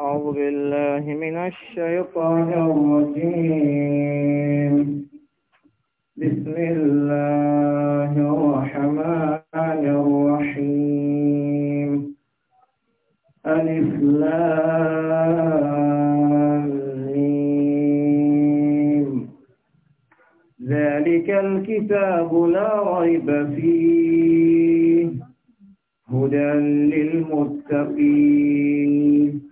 أعوذ بالله من الشيطان الرجيم بسم الله الرحمن الرحيم ألف لام ذلك الكتاب لا ريب فيه هدى للمتقين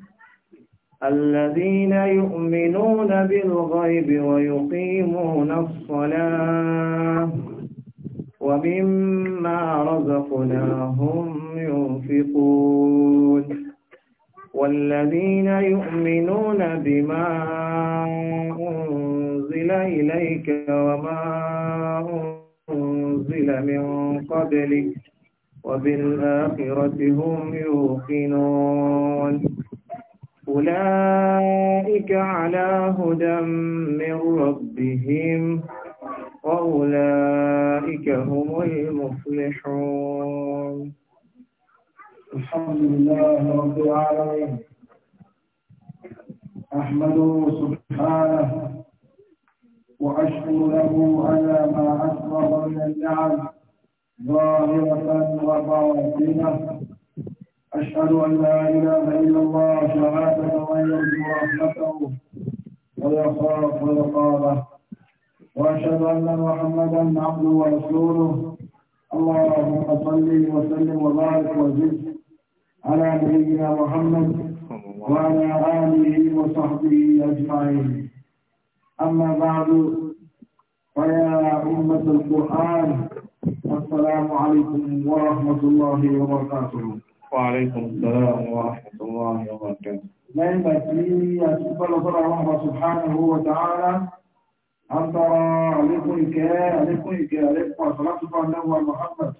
الذين يؤمنون بالغيب ويقيمون الصلاة ومما رزقناهم ينفقون والذين يؤمنون بما أنزل إليك وما أنزل من قبلك وبالآخرة هم يوقنون أولئك على هدى من ربهم وأولئك هم المفلحون الحمد لله رب العالمين أحمده سبحانه وأشكر له على ما أسرى من النعم ظاهرة وباطنة أشهد أن لا إله إلا الله شهادة ويرجو رحمته ويخاف عقابه وأشهد أن محمدا عبده ورسوله اللهم صل وسلم وبارك وزد على نبينا محمد وعلى آله وصحبه أجمعين أما بعد فيا أمة القرآن السلام عليكم ورحمة الله وبركاته Wàhálẹ́kùn sọ́lá àwọn àṣàtọ́wọ́ àwọn ọmọ ọ̀dẹ́. Lẹ́yìn ìgbà tí a ti bọ́lọ̀ sọ́lá àwọn ọmọ subhanahu wa ta'ala, a ń tọrọ àlékún ìkẹ́, àlékún ìkẹ́, àlékún àṣàlá tó bá lẹ́wọ̀ Muhammad,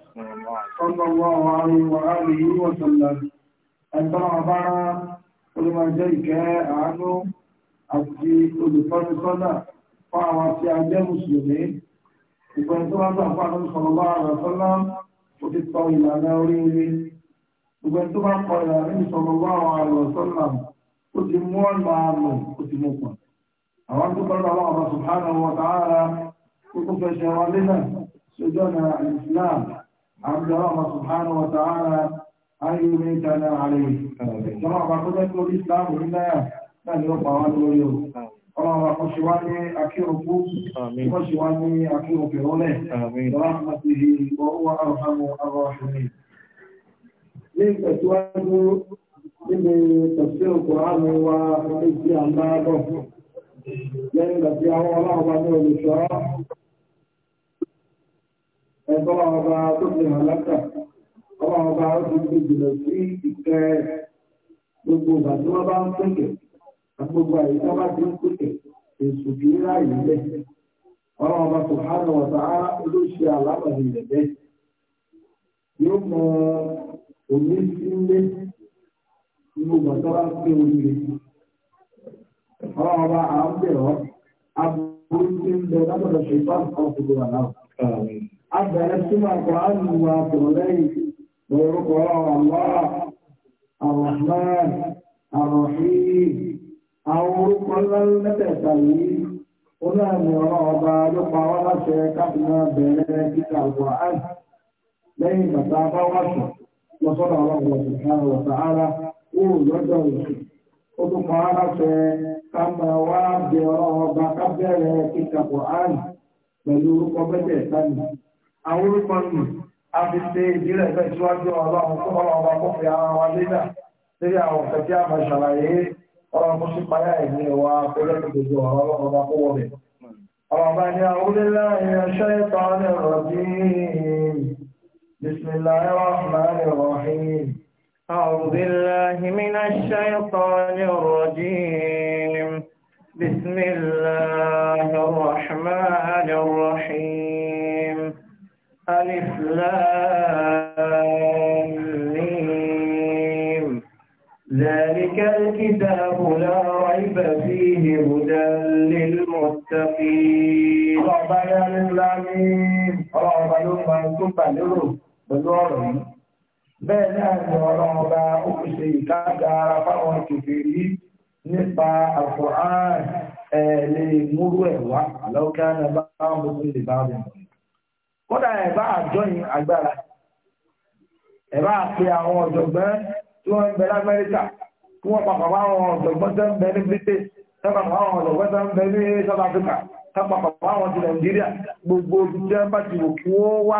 sallallahu alaihi wa alihi wa sallam. Ẹ̀tọ́rọ̀ àbára olùmọ̀jẹ́ ìkẹ́ àánú àti olùtọ́jú sọ́lá fún àwọn tí a jẹ́ Mùsùlùmí. Ìgbẹ̀ntọ́ wá gbà fún àwọn sọ̀rọ̀ bá àrẹ̀ sọ́lá, ó ti tọ ìlànà orí orí gbogbo ẹni tó bá kọ ìlànà níbi sọ̀rọ̀ wá àwọn àlọ́ sọ́nà ó ti mú ọ̀nà àmọ̀ ó ti mú pọ̀. àwọn tó bọ́lá wọn àwọn subhanahu wa ta'ala tó tó fẹ́ ṣe ní ìtẹ̀síwájú níbi tẹ̀sí òkú àmì wa ní ti àmà bọ̀ lẹ́yìn ìgbà tí àwọn ọlọ́ọ̀bá ní olùṣọ́ ẹ̀tọ́ ọba tó ti hàn lẹ́tà ọlọ́ọ̀bá ó ti fi jùlọ sí òní sí ilé inú gbàtọ́lá pé oúnjẹ. Ọlọ́run ọba àwọn bẹ̀rọ aburú tí ń bẹ látọ̀dọ̀ ṣètò àwọn kòkòrò àná. A bẹ̀rẹ̀ súnmọ́ àpò àlùwà àpòrò lẹ́yìn lórúkọ Allah, Ar-Rahman, Ar-Rahim. Àwọn orúkọ ńlá mẹ́tẹ̀ẹ̀ta yìí ó náà ní ọ̀rọ̀ ọba ló pa wá láṣẹ káfíńà bẹ̀rẹ̀ kíkà wọ̀ á lẹ́yìn bàtà bá sùn lọ sọ́dọ̀ ọlọ́run ọ̀sùn kan ọ̀sà ara ó lọ́jọ́ òsì ó tún kọ́ ara fẹ́ ká máa wá bẹ ọlọ́run ọba ká bẹ̀rẹ̀ kíkà pọ̀ áàlì pẹ̀lú orúkọ bẹ́tẹ̀ ìtàní àwọn orúkọ nù a fi ṣe ìdílẹ̀ fẹ́ síwájú ọlọ́run tó ọlọ́run ọba kó fi ara wa lédà lórí àwọn ọ̀sẹ̀ tí a máa ṣàlàyé ọlọ́run tó sì payá ẹ̀mí wa pẹ̀lú ọlọ́run ọba kó wọlé. ọ̀rọ̀ بسم الله الرحمن الرحيم أعوذ بالله من الشيطان الرجيم بسم الله الرحمن الرحيم ألف لام ذلك الكتاب لا ريب فيه هدى للمتقين ربنا للعالمين ربنا لمن pẹ̀lú ọ̀rọ̀ yìí bẹ́ẹ̀ náà ni ọ̀rọ̀ ọba ó fi ṣe ìtajà ara fáwọn kèfèrí nípa àkùrán ẹ̀ lè múrú ẹ̀ wá àlọ́kẹ́ ànàbá àwọn gbogbo lè bá rẹ̀ mọ̀ kódà ẹ̀ bá àjọyìn agbára ẹ̀ bá pe àwọn ọ̀jọ̀gbọ́n tí wọ́n ń bẹ lamẹ́ríkà kí wọ́n papọ̀ bá àwọn ọ̀jọ̀gbọ́n tó ń bẹ ní britain tó papọ̀ bá àwọn ọ̀jọ̀gbọ́n tó ń bẹ ní south africa tó papọ̀ bá àwọn ti nàìjíríà gbogbo ojú tí wọ́n bá ti wò kí wọ́n wá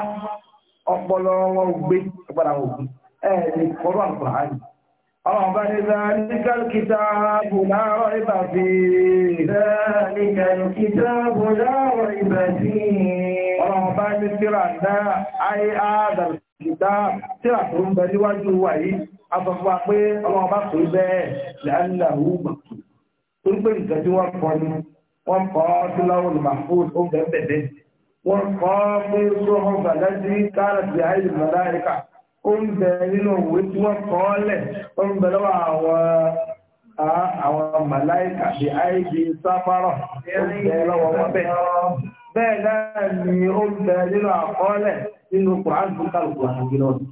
ọpọlọ wọn gbé ọgbàdà wọn gbé ẹ̀ẹ́dì kọ́rọ̀ àkùrán ọlọ́run bá ní ذلك الكتاب لا ريب فيه ذلك الكتاب لا ريب فيه ọlọ́run bá ní tíra náà ayé àádọ́rù ìdá tíra tó ń bẹ níwájú wà yìí afọ́fọ́ pé ọlọ́run bá pè bẹ́ẹ̀ lẹ́lẹ́hù màkì torí pé nǹkan tí wọ́n kọ́ ni wọ́n kọ́ wọ́n kọ́ pé sóhun bàdájí káràtì àìlú màláìka ó ń bẹ nínú òwe tí wọ́n kọ́ lẹ̀ ó ń bẹ lọ́wọ́ àwọn àwọn màláìka bí àìdí sáfárọ̀ ó ń bẹ lọ́wọ́ wọn bẹ́ẹ̀. bẹ́ẹ̀ náà ni ó ń bẹ nínú àkọọ́lẹ̀ nínú kùránù kálukú àti gílọ́ọ̀nù.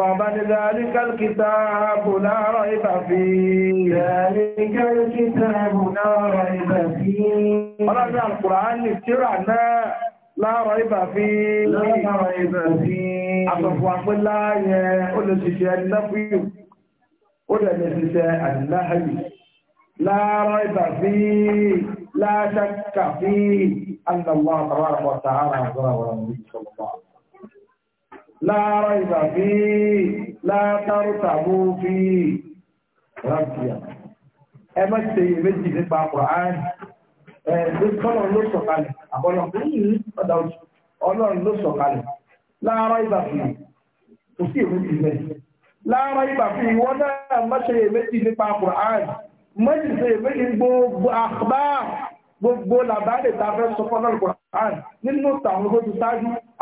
رغبن ذلك الكتاب لا ريب فيه ذلك الكتاب لا ريب فيه رغبن القرآن لفترعنا لا ريب فيه لا ريب فيه أصفوا عم الله قل سيشي النبي قل نسيشي النهي لا ريب فيه لا شك فيه أن الله تبارك وتعالى أزرى ورمضي صلى الله عليه وسلم láàárá ìgbà bí látàrútàbó fi rábìá ẹ má ṣe méjì nípa Quran ẹ ló tọ́lọ̀ ló sọ̀kalẹ̀ àbọ̀lọ̀ ọ̀dà òjò ọlọ́run ló sọ̀kalẹ̀ láàárá ìgbà fi kò sí èméjì bẹ́ẹ̀ láàárá ìgbà fi ìwọ náà má ṣe méjì nípa Quran má ṣe ṣe méjì gbogbo àkàbà gbogbo làbáyé tá a fẹ́ sọ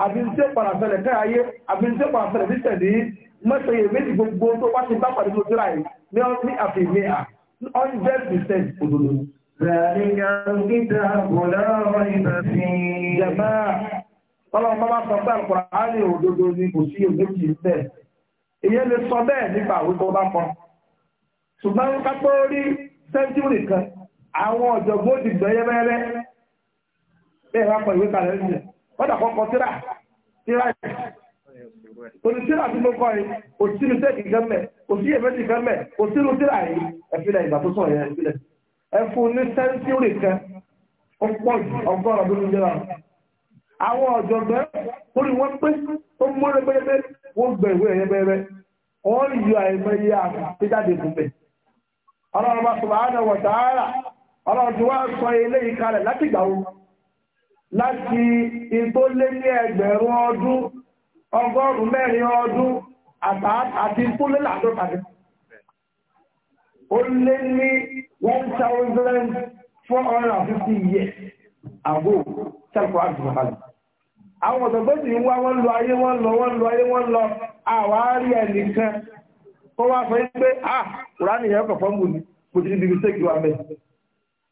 àbí tí ó padà fẹ́lẹ̀ ká ayé àbí tí ó padà fẹ́lẹ̀ ní tẹ̀lé mẹ́sàn yẹ méjì gbogbo tó bá ti bá pàdé tó tíra yìí ní ọ́n ní àfihàn à hundred percent òdodo. Zàlíyà kíta kòlá ìbà fi. Jàmbá lè sọ bẹ́ẹ̀ nípa àwọn bá kọ. Ṣùgbọ́n ká tó rí sẹ́ńtúrì kan, àwọn ọ̀jọ̀gbọ́n ti gbẹ̀yẹ́rẹ́rẹ́. Bẹ́ẹ̀ bá ìwé kalẹ̀ ń kọ́dà kọ́kọ́ tíra tíra yìí òní tíra tí mo kọ́ yìí kò sí mi sẹ́ẹ̀kì kan mẹ́ kò sí èmẹ́sì kan mẹ́ kò sí mi tíra yìí ẹ̀fílẹ̀ ìgbà tó sọ̀ yẹn ẹ̀fílẹ̀ ẹ̀fún ní sẹ́ńtúrì kan ó pọ̀ jù ọgọ́rùn ọdún nílẹ̀ wọn. àwọn ọ̀jọ̀gbọ́n orí wọn pé ó múlẹ̀ pẹ́ẹ́pẹ́ wọ́n gbẹ̀ ìwé ẹ̀yẹ pẹ́ẹ́pẹ́ wọ́n yọ àìmọye àtẹ̀jáde láti ìtó lé ní ẹgbẹ̀rún ọdún ọgọ́rùn mẹ́rin ọdún àti tó lé láàdọ́tàdé ó lé ní 1450 years ago sẹ́kọ̀ àjùmọ̀kálẹ̀ àwọn ọ̀dọ̀gbẹ́sì ń wá wọ́n lọ ayé wọ́n lọ wọ́n lọ ayé wọ́n lọ àwárí ẹnìkan tó wá fẹ́ pé ah kùránì yẹn kọ̀fọ́ mú ni kò sí ibi tí ó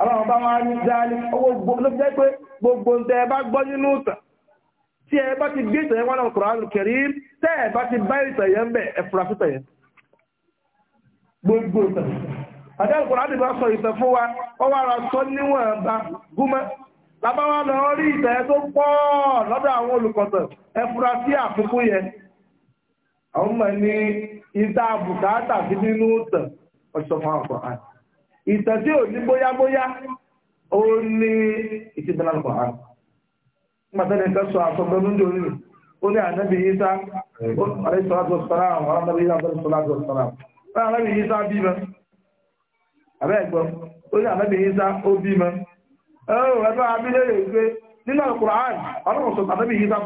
àwọn ọba wọn ní dáálí owó ló jẹ́ pé gbogbo ń tẹ ẹ bá gbọ́ nínú ìtàn tí ẹ bá ti gbé ìtàn wọn náà Kùránì Karim tẹ́ ẹ bá ti bá ìtàn yẹn bẹ̀ ẹ fura sí ìtàn yẹn gbogbo ìtàn àti Kùránì bá sọ ìtàn fún wa ó wá ra sọ níwọ̀n bá gúnmọ́ lábáwá lọ rí ìtàn yẹn tó pọ̀ lọ́dọ̀ àwọn olùkọ́tàn ẹ fura sí àfikún yẹn àwọn ọmọ ní ìta bùkátà sí nínú ìtàn ọ̀ṣọ́fà Kùránì ìtàn tí ò ní bóyábóyá ó ní ìtìbọ̀lá lọ́pọ̀ àrùn mọ̀tẹ́lẹ̀ nǹkan sọ àtọ́gbọ́n ní orí ó ní ànábì yíṣá àrẹ́sọ̀lájọ́ sọ́rọ̀ àwọn arábìnrin yíṣá àrẹ́sọ̀lájọ́ sọ́rọ̀ àwọn arábìnrin yíṣá bímọ abẹ́ẹ̀gbọ́n ó ní ànábìnrin yíṣá ó bímọ ẹ̀rọ ẹ̀fọ́ abílẹ̀ rẹ̀ pé nínú ọlọ́run sọ fún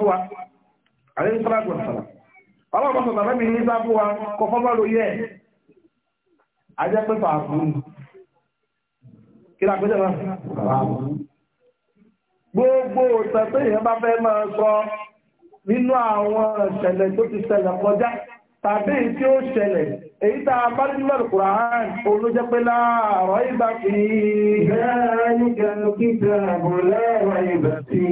wa ọlọ́run sọ fún wa kí la gbẹ́jẹ̀ náà gbogbo ìtàn tó èèyàn bá fẹ́ máa sọ nínú àwọn ìṣẹ̀lẹ̀ tó ti ṣẹlẹ̀ kọjá tàbí èyí tí ó ṣẹlẹ̀ èyí tá a bá nínú ọ̀rọ̀ ààrùn olójẹ́ pé láàárọ̀ ìgbà fi bẹ́ẹ̀ ní gẹ̀ẹ́nù kíta àbò lẹ́wọ̀ ìgbà fi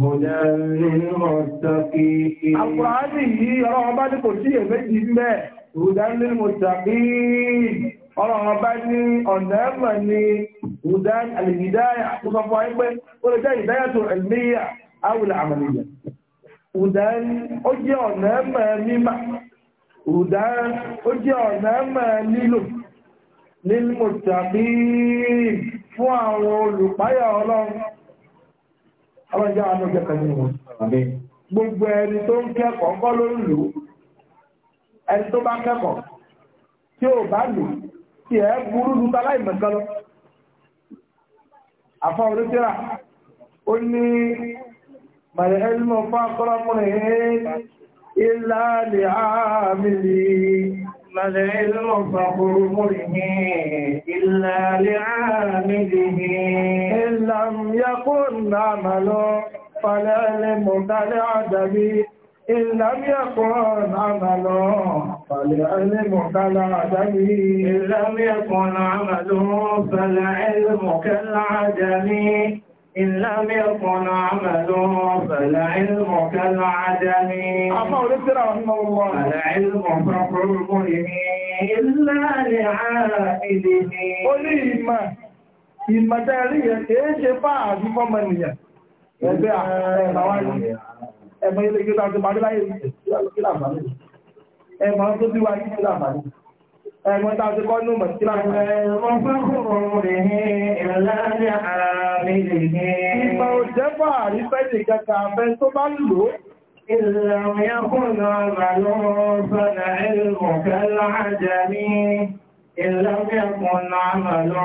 Mọ̀dá ní mọ̀tàkì. Àkùránì yìí ọlọ́run bá ní kò sí èméjì ọlọ́run ọba ní ọ̀nà ẹ̀mọ̀ ní hudan alìhìdáyà tó sọ fún àìpẹ́ ó lè jẹ́ ìdáyà tó ẹ̀míyà awùlà àmàlìyà hudan ó jẹ́ ọ̀nà ẹ̀mọ̀ mímà hudan ó jẹ́ ọ̀nà ẹ̀mọ̀ lílò nílùú tàbí fún àwọn olùpáyà ọlọ́run ọlọ́jà àwọn ọjọ́ kan nínú gbogbo ẹni tó ń kẹ́kọ̀ọ́ kọ́ ló ń lò ẹni tó bá kẹ́kọ̀ọ́ tí ò bá lò tí ẹ burú ju tálá ìmọ̀kan lọ. Àfọ́ olóṣèlá, ó ní Màlẹ̀ Ẹ́lmọ̀ fún akọ́lọ́kùnrin ilá lè àmìlì. Màlẹ̀ Ẹ́lmọ̀ fún akọ́lọ́kùnrin ilá àmìlì. Ìlàm yakún náà màlọ́, fàlẹ́ ẹlẹ́mọ̀ Ìlàmí ẹ̀kọ́ náà lọ, fàlẹ̀ ẹlẹ́mọ̀kálà àdáyé. Ìlàmí ẹ̀kọ́ náà lọ, fàlẹ̀ ẹlẹ́mọ̀kálà àdáyé. إن لم يكن عمله فالعلم كالعدم أما ولدنا رحمه الله العلم فقر المهم إلا لعائده قولي إما إما تاريخ إيش فاعد فمن يا ẹ̀mọ́ ilé ìgbé tàbí màdíláyé ìlànàmàlẹ́ ẹ̀mọ́ tó bí wáyé ìlànàmàlẹ́ ẹ̀mọ́ tàbí kọ́ ní ọmọ ìlànàmàlẹ́ ẹ̀mọ́ fẹ́kùnrùn rẹ̀ ní ìlànà àmìlì إِلَّا يَكُنْ عَمَلُهُ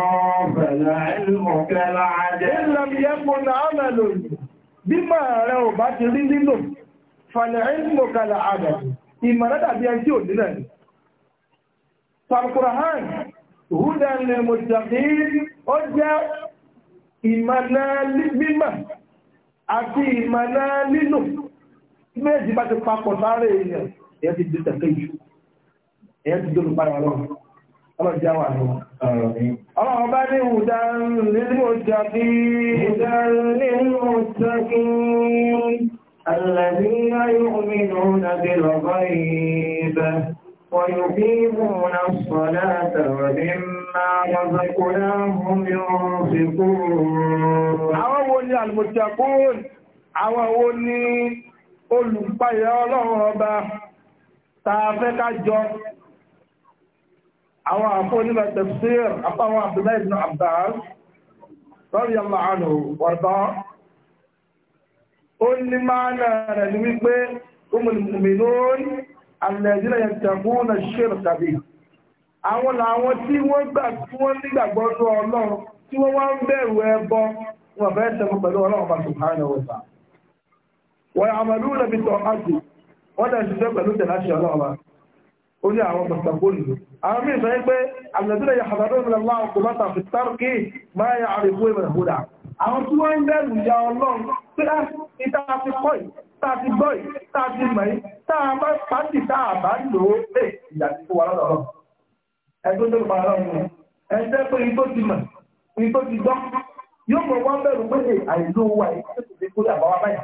bí máa rẹ ò bá ti rí lílò fàlẹ̀ẹ́mù kalà àdà ìmọ̀rẹ́ dàbí ẹni tí ò nílẹ̀ Al-Qur'an hudan lil muttaqin ó jẹ́ ìmọ̀nà mímọ̀ àti ìmọ̀nà lílò méjì bá ti papọ̀ sáré èèyàn èèyàn ti dìtẹ̀ kéjù èèyàn ti ọlọ́jà wà ní ọlọ́run bá ní ìwùdán nínú ìjọbí ìwùdán nínú ìjọbí الذين يؤمنون بالغيب ويقيمون الصلاة ومما رزقناهم ينفقون àwọn wo ni المتقون àwọn wo ni olùpáyà ọlọ́run ọba tààfẹ́ ká jọ àwọn àfọ́nílà tafsir àpáwọn Abdullahi ibn Abbas radiyallahu anhu wọ̀dọ́ ó ní máa náà rẹ̀ ní wípé umul mu'minun alladhina yattaquna ash-shirka bihi àwọn làwọn tí wọ́n gbà tí wọ́n nígbàgbọ́ ní ọlọ́run tí wọ́n wá ń bẹ̀rù ẹbọ dẹ̀ ṣiṣẹ́ pẹ̀lú tẹ̀láṣẹ́ ọlọ́run ó ní àwọn mọ̀sàbóòlù àwọn mí sọ pé àmìlẹ̀dúnlẹ̀ yà àbádọ́ ìmìlẹ̀ láwọn kò bá tàfi tárùkì máa yà àrífò ìmìlẹ̀ hódà àwọn tí wọ́n ń bẹ̀rù ya ọlọ́run pé á ah, ìta ti kọ́ ì tá a ti gbọ́ ì tá a ti mọ̀ ì tá a bá pàtì tá a bá lò ó lè ìyà ti fún wa lọ́dọ̀ ẹgbẹ́ tó pa ọlọ́run ni ẹgbẹ́ pé igbó ti mọ̀ igbó ti gbọ́ yóò mọ̀ wọ́n bẹ̀rù pé àìlú wa ìgbésẹ̀ tó ti kó yà bá wa báyà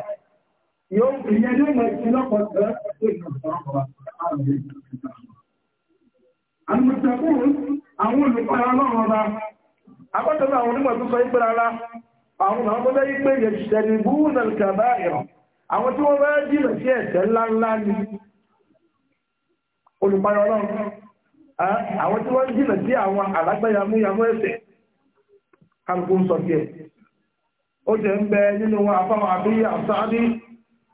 yóò ìyẹn yóò mọ̀ ìṣẹ́ lọ́pọ̀ ààrẹ ìtàkùn. Àmìtàkùn àwọn olùpàá ọlọ́run ọba, akọ́tọ́lá àwọn onímọ̀ tó sọ ìpẹ́ rárá, àwọn ọmọdé ìpẹ́ yẹ ṣẹ̀rì búrúnà kàbá ìrọ̀. Àwọn tí wọ́n jìnà sí ẹ̀ṣẹ̀ ńláńlá ni olùpàá ọlọ́run.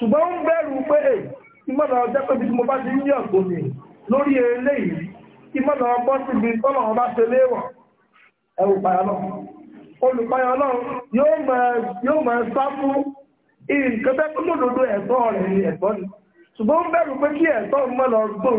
ṣùgbọ́n ń bẹ̀rù pé ìmọ̀nà ọjọ́ pé bí mo bá ti ń yàn kò ní lórí eléyìí ìmọ̀nà ọgbọ́n sí tọ́lọ̀ ọba ṣe léwọ̀ ẹ̀rù payà náà náà yóò mọ̀ ẹ́ fún nǹkan ẹ̀tọ́ rẹ̀ ẹ̀tọ́ ni ṣùgbọ́n ń pé kí ẹ̀tọ́ ọgbọ́n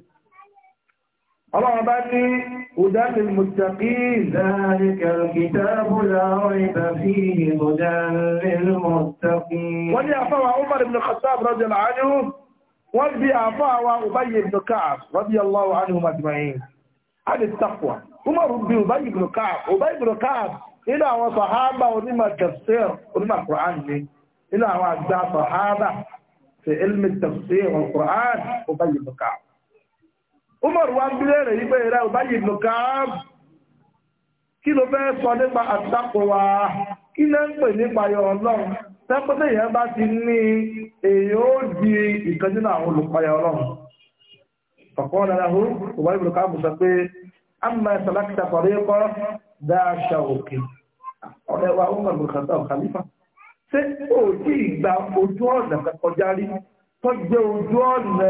ọlọ́wọ́ bá ní òdánil mùtàkì láàrínkà kìtàbù láàrín tàbí òdánil mùtàkì wọ́n ní àfáwà Umar ibn Khattab radiyallahu anhu wọ́n bí àfáwà Ubayy ibn Ka'ab radiyallahu anhu majma'in àti taqwa Umar bí Ubayy ibn Ka'ab Ubayy ibn Ka'ab inú àwọn sàhábà onímọ̀ tafsir onímọ̀ Qur'an ni inú àwọn àgbà sàhábà fi ilmi tafsir Umar wa ń bílẹ̀ rẹ̀ yípe rẹ̀ ọba yìí ló ká kí ló fẹ́ sọ nípa àtakò wa kí lẹ́ ń pè nípa ayọ̀ ọlọ́run tẹ́pẹ́tẹ́ yẹn bá ti ní èyí ó di ìkanjú náà àwọn olùpayọ̀ ọlọ́run. Ọ̀pọ̀ dára hó ọba yìí ló ká mú sọ pé a máa sàlákìtà pàdé kọ́ dáṣà òkè ọ̀rẹ́ wa Umar ló kàtà ọ̀kàlífà. Ṣé òjì ìgbà ojú ọ̀nà kọjá rí tọ́jú ojú ọ̀nà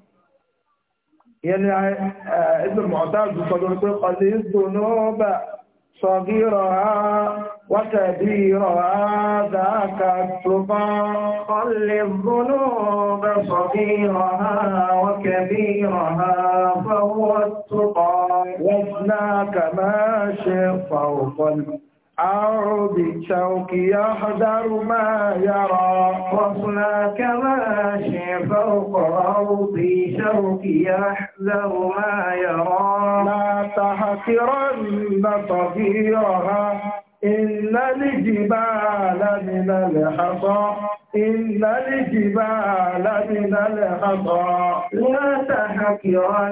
يعني آه، آه، ابن المعتز يقول قلت نوبا صغيرها وكبيرها ذاك الصفا قل الذنوب صغيرها وكبيرها فهو الصفا وابناك ماشي فوق أو بالشوك يحذر ما يرى وصلى كماشي فوق روضي شوك يحذر ما يرى لا تحقرن صغيرها Iná lìjì bá aláàmìnà lè àbọ̀. Iná lìjì bá aláàmìnà lè àbọ̀. Láta àkìrọ̀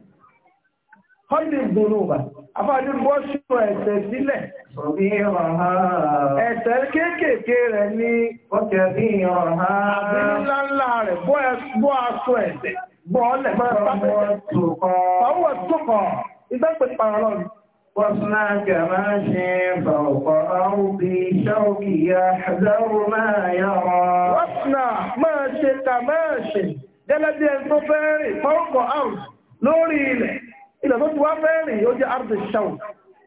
Kọ́lì ìgbòròbà, àfáàjú bọ́ ṣùgbọ́ ẹ̀ṣẹ̀ sílẹ̀. Ẹ̀ṣẹ̀ kéékèèké rẹ̀ ní ọjọ́ bí ọ̀há. Àbí ńláńlá rẹ̀ bọ́ aṣọ ẹ̀ṣẹ̀, bọ́ ọlẹ̀ máa pàpẹ̀. Fàwọ̀ tókọ̀, ìgbẹ́pẹ̀ pàrọ̀lọ́rùn. واصنع كما فوق أرضي شوقي يحذر ما يرى واصنع ماشي كماشي جلد الكفار فوق أرض لوري ilẹ̀ tó ti wá fẹ́rìn ó jẹ́ ardu shaun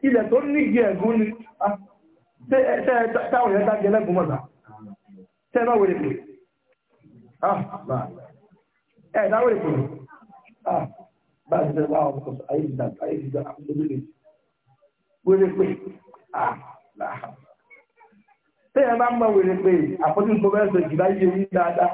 ilẹ̀ tó ní igi ẹ̀gún ni ah, táwọn yẹn dájẹ́ lẹ́gùn mọ̀lá tẹ́ ẹ bá wèrè pè ah, ẹ ẹ dáwèrè ah, a ti sẹ́wọ́ àwọn ọkọ̀ ayé àpọ́jú tó bẹ́ẹ̀ sọ ìgbà dáadáa.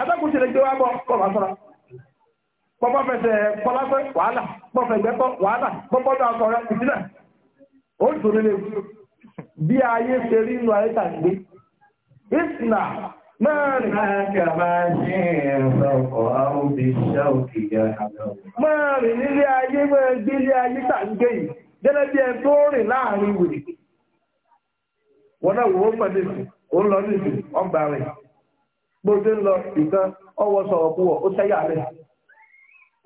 adákùn ti lè gbé wá bọ́ kọ́ bá sọ́ra pọ́pọ́ fẹsẹ̀ kọ́lápẹ́ wàhálà pọ́fẹ́ ìgbẹ́kọ́ wàhálà pọ́pọ́ dá ọkọ̀ rẹ̀ anyị ó dùnú lè bí ayé ṣe rí inú ayé tàgbé ìsìnà mẹ́rin mẹ́rin nílé ayé mẹ́rin nílé ayé tàgbé yìí gẹ́lẹ́ bí ẹ tó rìn láàrin wèrè wọ́n náà wò ó gbogbo ń lọ ìkan ọwọ́ sọ̀rọ̀ púpọ̀ ó tẹ́yà rẹ̀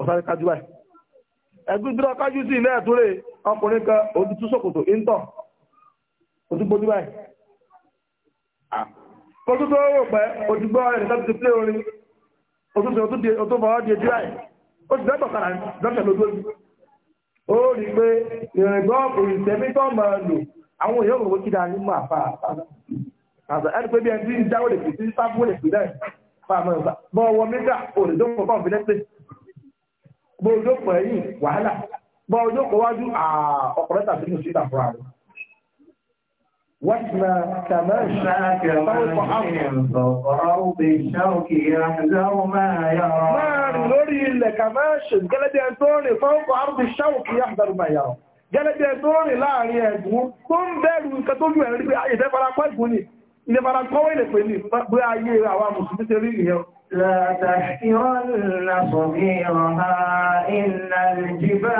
ọ̀sán kájú báyìí ile ọkájú sí ọkụ ẹ̀túrẹ́ ọkùnrin kan ojútú sòkòtò ìntọ̀ ojúgbójú báyìí kótó tó rò pẹ́ ti pé orin fọwọ́ di ojú báyìí ó ti dẹ́gbọ̀ kàrà lójú ó rí pé máa lò àwọn èèyàn òwò kí àti ẹni pé bí ẹni tí ń dáwọ́ lè fi sí sáfù lè fi náà fáwọn ọ̀sà bọ́ ọwọ́ mẹ́ta òdòdókòó kọ́ fìdẹ́sẹ̀ bọ́ òdòdókòó ẹ̀yìn wàhálà bọ́ òdòdókòó wájú ọkùnrin tàbí ní òṣìṣẹ́ àfúrà rẹ̀. واسمى تمشاك من فوق روض الشوك يحذر ما يرى ما نري لك ماشي جلد يدوني فوق عرض الشوك يحذر ما يرى جلد يدوني لا يدون ni bára ko wa ilẹ̀ pé ní bo ayé àwọn mùsùlùmí ṣe rí ìyẹn látàkìrọ́nà sọ̀bí ọ̀há inna jìbá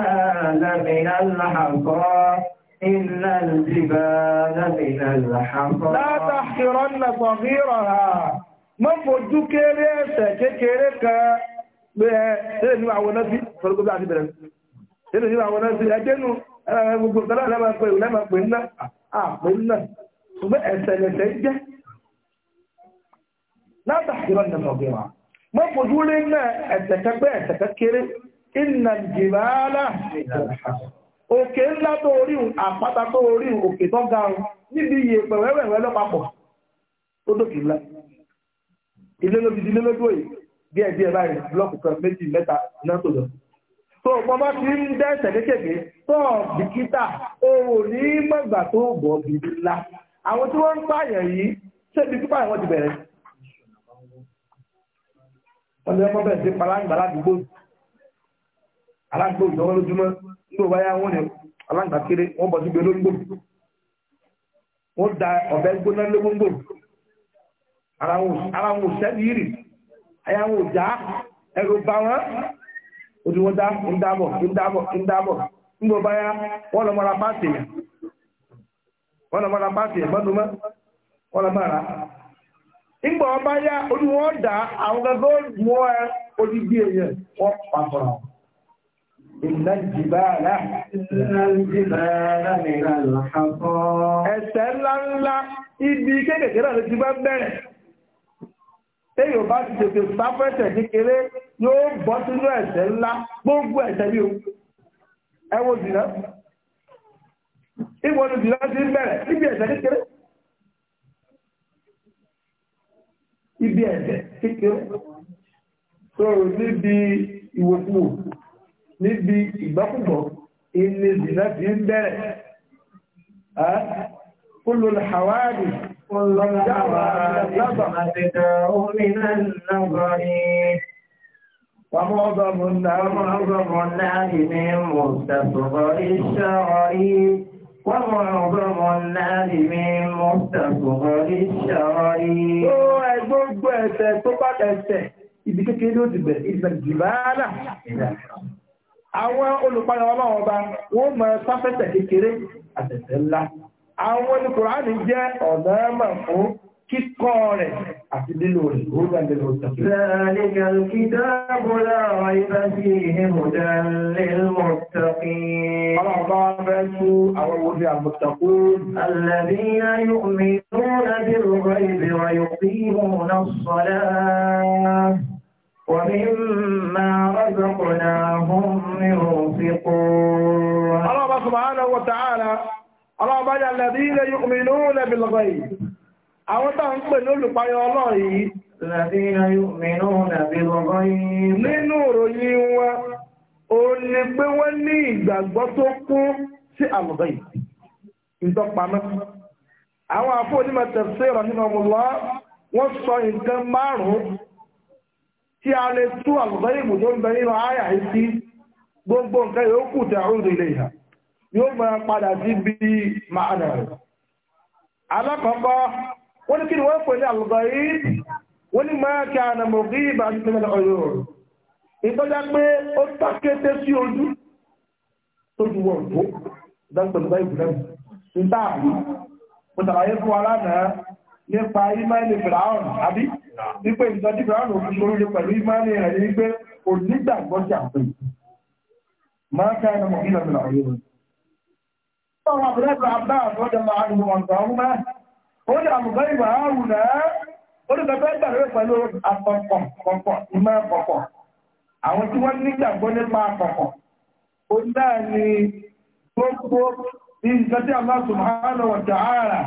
lábìnà láàkọ́ iná jìbá lábìnà láàkọ́ látàkìrọ́nà sọ̀bí ọ̀há mọ́ fojú kéré ẹ̀ṣẹ̀ kékeré kan pé ẹ̀ nínú àwọn náà sí fọ́lọ́gbọ́n bí a gugu tara la àwọn náà sí ma pe na ah pé na ṣùgbọ́n ẹ̀sẹ̀ lẹ̀sẹ̀ jẹ́ látàkìrọ̀ nínú ọ̀gbìn wa mọ́ fojú rí náà ẹ̀sẹ̀ kẹgbẹ́ ẹ̀sẹ̀ kékeré iná jìbáàlá òkè ńlá tó orí àpáta tó orí òkè tó ga ọ̀run níbi iye pẹ̀wẹ́wẹ̀wẹ́ lọ́pàpọ̀ tó dókè ńlá ilé lóbi ilé lójú òyì díẹ̀ díẹ̀ báyìí blọọkù kan méjì mẹ́ta náà tó lọ tó ọ̀pọ̀ bá ti ń dẹ́sẹ̀ kékèké tó bìkítà o ní mọ̀gbà tó bọ̀ bìí ńlá àwọn tí wọ́n ń pààyàn yìí ṣébi tí pààyàn wọ́n ti bẹ̀rẹ̀ wọ́n ti bẹ̀rẹ̀ sí palangba aládùúgbò aládùúgbò ìdánwò lójúmọ́ tó wáyé àwọn ni alangba kéré wọ́n bọ̀ síbi olóńgbò wọ́n da ọ̀bẹ gbóná lóńgbò ara wọn ò sẹ́ni yìí àyà wọn ò já bá wọn ojú wọn dá ń dábọ̀ ń dábọ̀ ń dábọ̀ wọ́n lọ́mọ́ra pàtì ẹ̀mọ́dúnmọ́ wọ́n lọ́mọ́ra ìgbà ọba yá olúwọ́ dá àwọn gẹ́gẹ́ mọ́ ẹ odidi èyẹ wọ́n pàfọ́ra ìlà jìbáàlá ẹ̀sẹ̀ ńláńlá ibi kéèkèé náà ló ti bá bẹ̀rẹ̀ èyí ò bá ti tètè sáfẹ́sẹ̀ kékeré yóò bọ́ sínú ẹ̀sẹ̀ ńlá gbogbo ẹ̀sẹ̀ bí o ẹ wo jìnnà ìwọ̀n ìbí láti bẹ̀rẹ̀ níbi ẹ̀ṣẹ̀ kékeré ibi ẹ̀ṣẹ̀ kékeré sọ̀rọ̀ níbi ìwòkúwò níbi ìgbàkúgbọ̀ ilé ìbí láti bẹ̀rẹ̀ كل الحوادث كل الحوادث من النظر ومعظم النار من مستصغر الشرعي ومعظم الناس من مستقر الشرع Ó ẹgbógbó ẹ̀ṣẹ̀ tó bá ẹ̀ṣẹ̀ ibi kékeré ló ti bẹ̀rẹ̀ ìbẹ̀ jìbáàlà. Àwọn olùpayọ̀ ọlọ́run ọba wọ́n mọ sáfẹ́sẹ̀ kékeré àtẹ̀sẹ̀ ńlá. Àwọn olùkùránì jẹ́ ọ̀nà ẹ̀mọ̀ fún kíkọ́ rẹ̀ àti lílò rẹ̀ ó bá lè lọ tàbí. Láàrínkà kìtà bọ́lá àìbá sí ìhìmọ̀dá lẹ́lmọ̀tàkì. Ọlọ́ọ̀bá bẹ́ tú àwọn orí àmọ̀tàkù. Àlàbíyá yóò mi lóra bí rọ̀rọ̀ ìbẹ̀rẹ̀ yóò fi ìhùnà sọ́lá. وَمِمَّا رَزَقْنَاهُمْ يُنْفِقُونَ الله سبحانه وتعالى الله الذين يؤمنون بالغيب àwọn tá ń pè ní olùpayọ ọlọ́run yìí nínú ìròyìn wọn o ní pé wọ́n ní ìgbàgbọ́ tó kún sí àlùbọ̀ yìí àwọn wọ́n sọ márùn-ún a gbogbo nǹkan a rúdò ilé ìhà yóò padà sí bí rẹ̀ alákọ̀ọ́kọ́ wọ́n ní kí ni wọ́n pè ní al-ghaib wọ́n ní máa kí àna mọ̀gí ìbá ní pínlẹ̀ ọ̀yọ́ ìtọ́já pé ó tàkété sí ojú tó ju wọ́n tó dáńtọ̀lù bá ìbùdó níta àbí mo tàbáyé fún aláàna nípa ìmáìlì fìràhùn àbí wípé ìtọ́jú fìràhùn òfin lórí pẹ̀lú ìmáìlì rẹ̀ ní wípé onígbàgbọ́ sí àpèyí máa ká ẹnu mọ̀gí ìbá ní pínlẹ̀ ọ̀yọ́ ó ní àmùgbọ́ ìwà áhùn náà ó ní bẹ́ẹ̀ gbàgbé pẹ̀lú àpọ̀pọ̀ ìmọ̀ àpọ̀pọ̀ àwọn tí wọ́n nígbàgbọ́ nípa àpọ̀pọ̀ ó náà ni gbogbo nǹkan tí Allah subhanahu wa ta'ala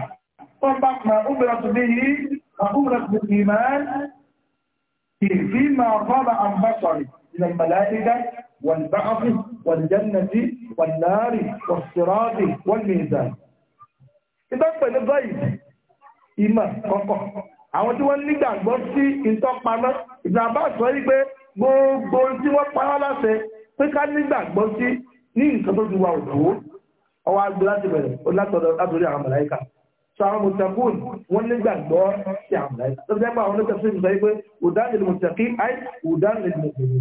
tó bá pa umratu bihi wa umratu bil iman fi ma ghaba an basari min al malaika wal ba'th wal jannati wan nar was sirat wal mizan idan pẹ̀lú báyìí ìmọ̀ kọ̀kọ̀ àwọn tí wọ́n nígbàgbọ́ sí ìtọ́pamọ́ ìjàmbá sọ wípé gbogbo tí wọ́n pa wá láṣẹ pé ká nígbàgbọ́ sí ní nǹkan tó ju wa ò dúró ọwọ́ agbó láti bẹ̀rẹ̀ ó látọ̀dọ̀ látòrí àwọn màláíkà sọ àwọn mùtẹ̀kùn wọ́n nígbàgbọ́ sí àwọn màláíkà tó jẹ́ pé àwọn oníkẹ́sí sọ wípé òdánilè mùtẹ̀kì àì òdánilè mùtẹ̀kì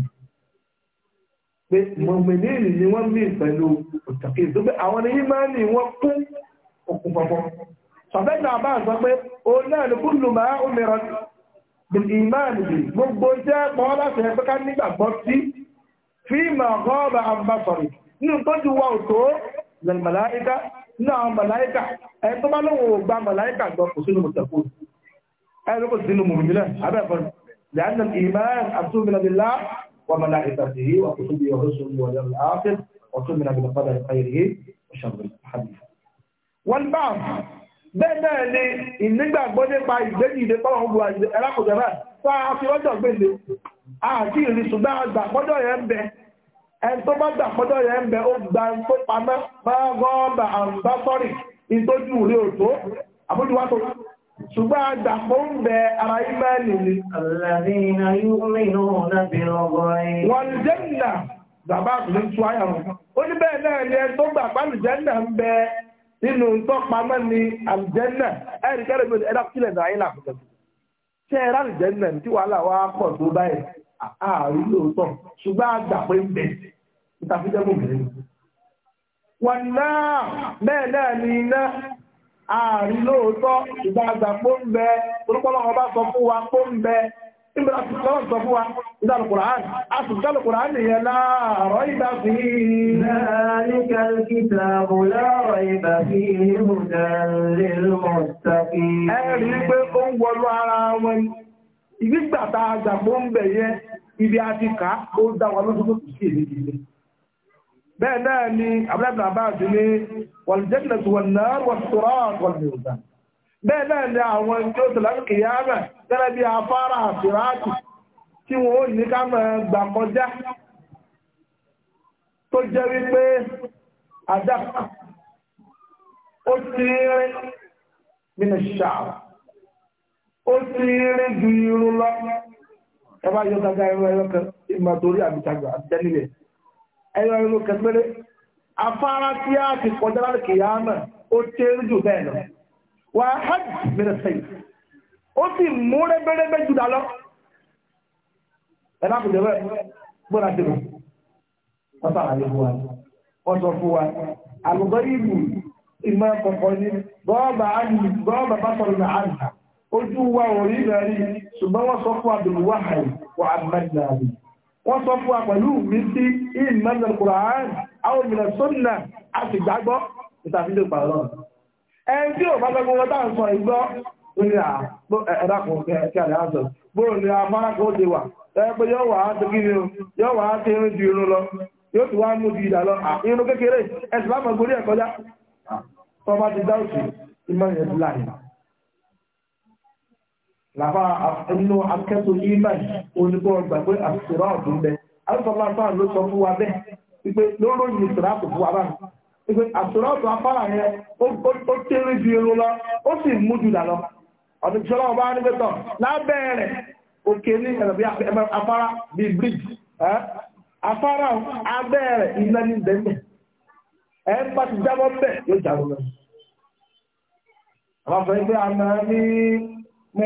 pé mọ̀mìnìrì ni wọ́n mí pẹ̀lú mùtẹ̀kì tó pé àwọn ní wọ́n kún òkun pọ̀pọ̀ sọ̀fẹ́gbà bá ń sọ pé o náà ní kúlù máa ó mìíràn ìmáàlì bí gbogbo jẹ́ pọ́ láti ẹgbẹ́ ká nígbàgbọ́ sí fíìmà ọgọ́ọ̀bà àbáfọ̀rì nínú tọ́jú wa ò tó lẹ́mọ̀láíkà náà mọ̀láíkà ẹni tó bá lóhùn ò gba mọ̀láíkà gbọ́ kò sínú mọ̀tẹ̀kù ẹni kò sínú mọ̀mílẹ̀ abẹ́fọ̀rì lẹ́yìn ìmáàlì àtúnbìnàbìlá wà mọ̀láíkà sí wà kò tóbi ọ̀rọ̀ sóbi ọ̀rọ̀ àáfẹ́ ọ̀túnbìnàbìlá bẹ́ẹ̀ náà ni ìnígbàgbọ́ nípa ìgbéjìde tọ́lọ̀wọ́n bu àìdè ẹlákùnjẹ́ náà tó a fi àti ìrìsùgbà àgbàpọ́jọ́ yẹn bẹ ẹn tó bá gbàpọ́jọ́ yẹn bẹ ó gba tó pamẹ́ n'itoju uri ìtọ́jú rí òtó àbójúwátó ṣùgbọ́n àgbàpọ́ ń bẹ ara ìmẹ́lì ni nínú ntọ́pamọ́ ni àlùjẹ́nà ẹ̀rí kẹ́rẹ́ mi ẹ̀dá kílẹ̀ náà ayé làkùnkà ṣé ẹ̀rá àlùjẹ́nà tí wàhálà wa pọ̀ tó báyìí àárí lóòótọ́ ṣùgbọ́n àgbà pé ń bẹ̀ ìtàkùnjẹ́ mọ̀gẹ́rẹ́ wọn náà bẹ́ẹ̀ náà ni iná àárí lóòótọ́ ṣùgbọ́n àgbà pé ń bẹ orúkọ ọlọ́run bá sọ fún wa pé ń bẹ ìbẹ̀rẹ̀ àtìsọ́rọ̀ sọ fún wa ìdánù kùrán àtìsọ́rọ̀ kùrán nìyẹn láàrọ̀ ìbá fi ذلك الكتاب لا ريب فيه هدى للمتقين ẹ̀rí pé ó ń wọlú ara wọn ìgbígbàta àjàpó ń bẹ̀ yẹ ibi àti bẹ́ẹ̀ ni àwọn tí ó tẹ̀lá kìyàmẹ̀ gẹ́gẹ́ bí afárá àfíráàtì tí wọ́n ó ká kọjá tó jẹ́ wípé ó ti rí nínú ó ti rí ju irun lọ ẹbá yóò tàgá ẹ̀rọ ẹ̀rọ kan ìmọ̀ torí àbìtàgbà àtẹ́lẹ̀ ẹ̀rọ ẹ̀rọ kan péré afárá tí a ti kọjá láti wà á hajj mẹ́rẹ̀ sẹ́yìn ó sì mú rẹ́gbẹ́rẹ́gbẹ́ jùdà lọ ẹ̀lá kò jẹ́wẹ́ gbọ́nà sí lọ wọ́n sàrà yẹ fún wa wọ́n sọ fún wa àlùbọ́ ìlú ìmọ̀ kọ̀kọ́ ní bọ́ọ̀bà ánìyí bọ́ọ̀bà bá sọ̀rọ̀ ní àǹtà ojú wa ò rí rẹ̀ rí ṣùgbọ́n wọ́n sọ fún Abdul Wahab wà á mẹ́rin náà wọ́n sọ fún wa pẹ̀lú mi sí ìmọ̀ ìlú àwọn òmìnira sọ́nà àti ìgbàgbọ́ ìtàfíìlẹ̀ pàrọ̀ ẹni tí ò fẹ́ gbogbo tá à ń sọ ìgbọ́ lórí ẹ̀dàkùn kí àlẹ́ àzọ̀ bóòrùn ní afárá kan ó ti wà ẹ pé yóò wà á ti kí ni o yóò wà á ti ju irun lọ yóò wá mú ju lọ irun kékeré ẹsùn bá kọjá tó bá ti dá òsì ìmọ̀ yẹn ti láàyè. làbá inú onígbọ́ ọgbà pé àṣìṣe rà bẹ́ẹ̀ ló sọ fún ìpé àṣírọ́ọ̀tọ̀ afárá yẹn ó tẹ́rí ju eru lọ ó sì mú jùlá lọ ọ̀dọ̀ ìṣọ́lá ọba ní pẹ́tọ̀ lábẹ́ rẹ̀ òkè ní ẹ̀rọ afárá bíi bridge afárá abẹ́ rẹ̀ iná ní dẹ́mẹ̀ ẹ̀ ń bá ti jábọ́ bẹ̀ yóò jábọ́ lọ. àwọn afẹ́ gbé àná ní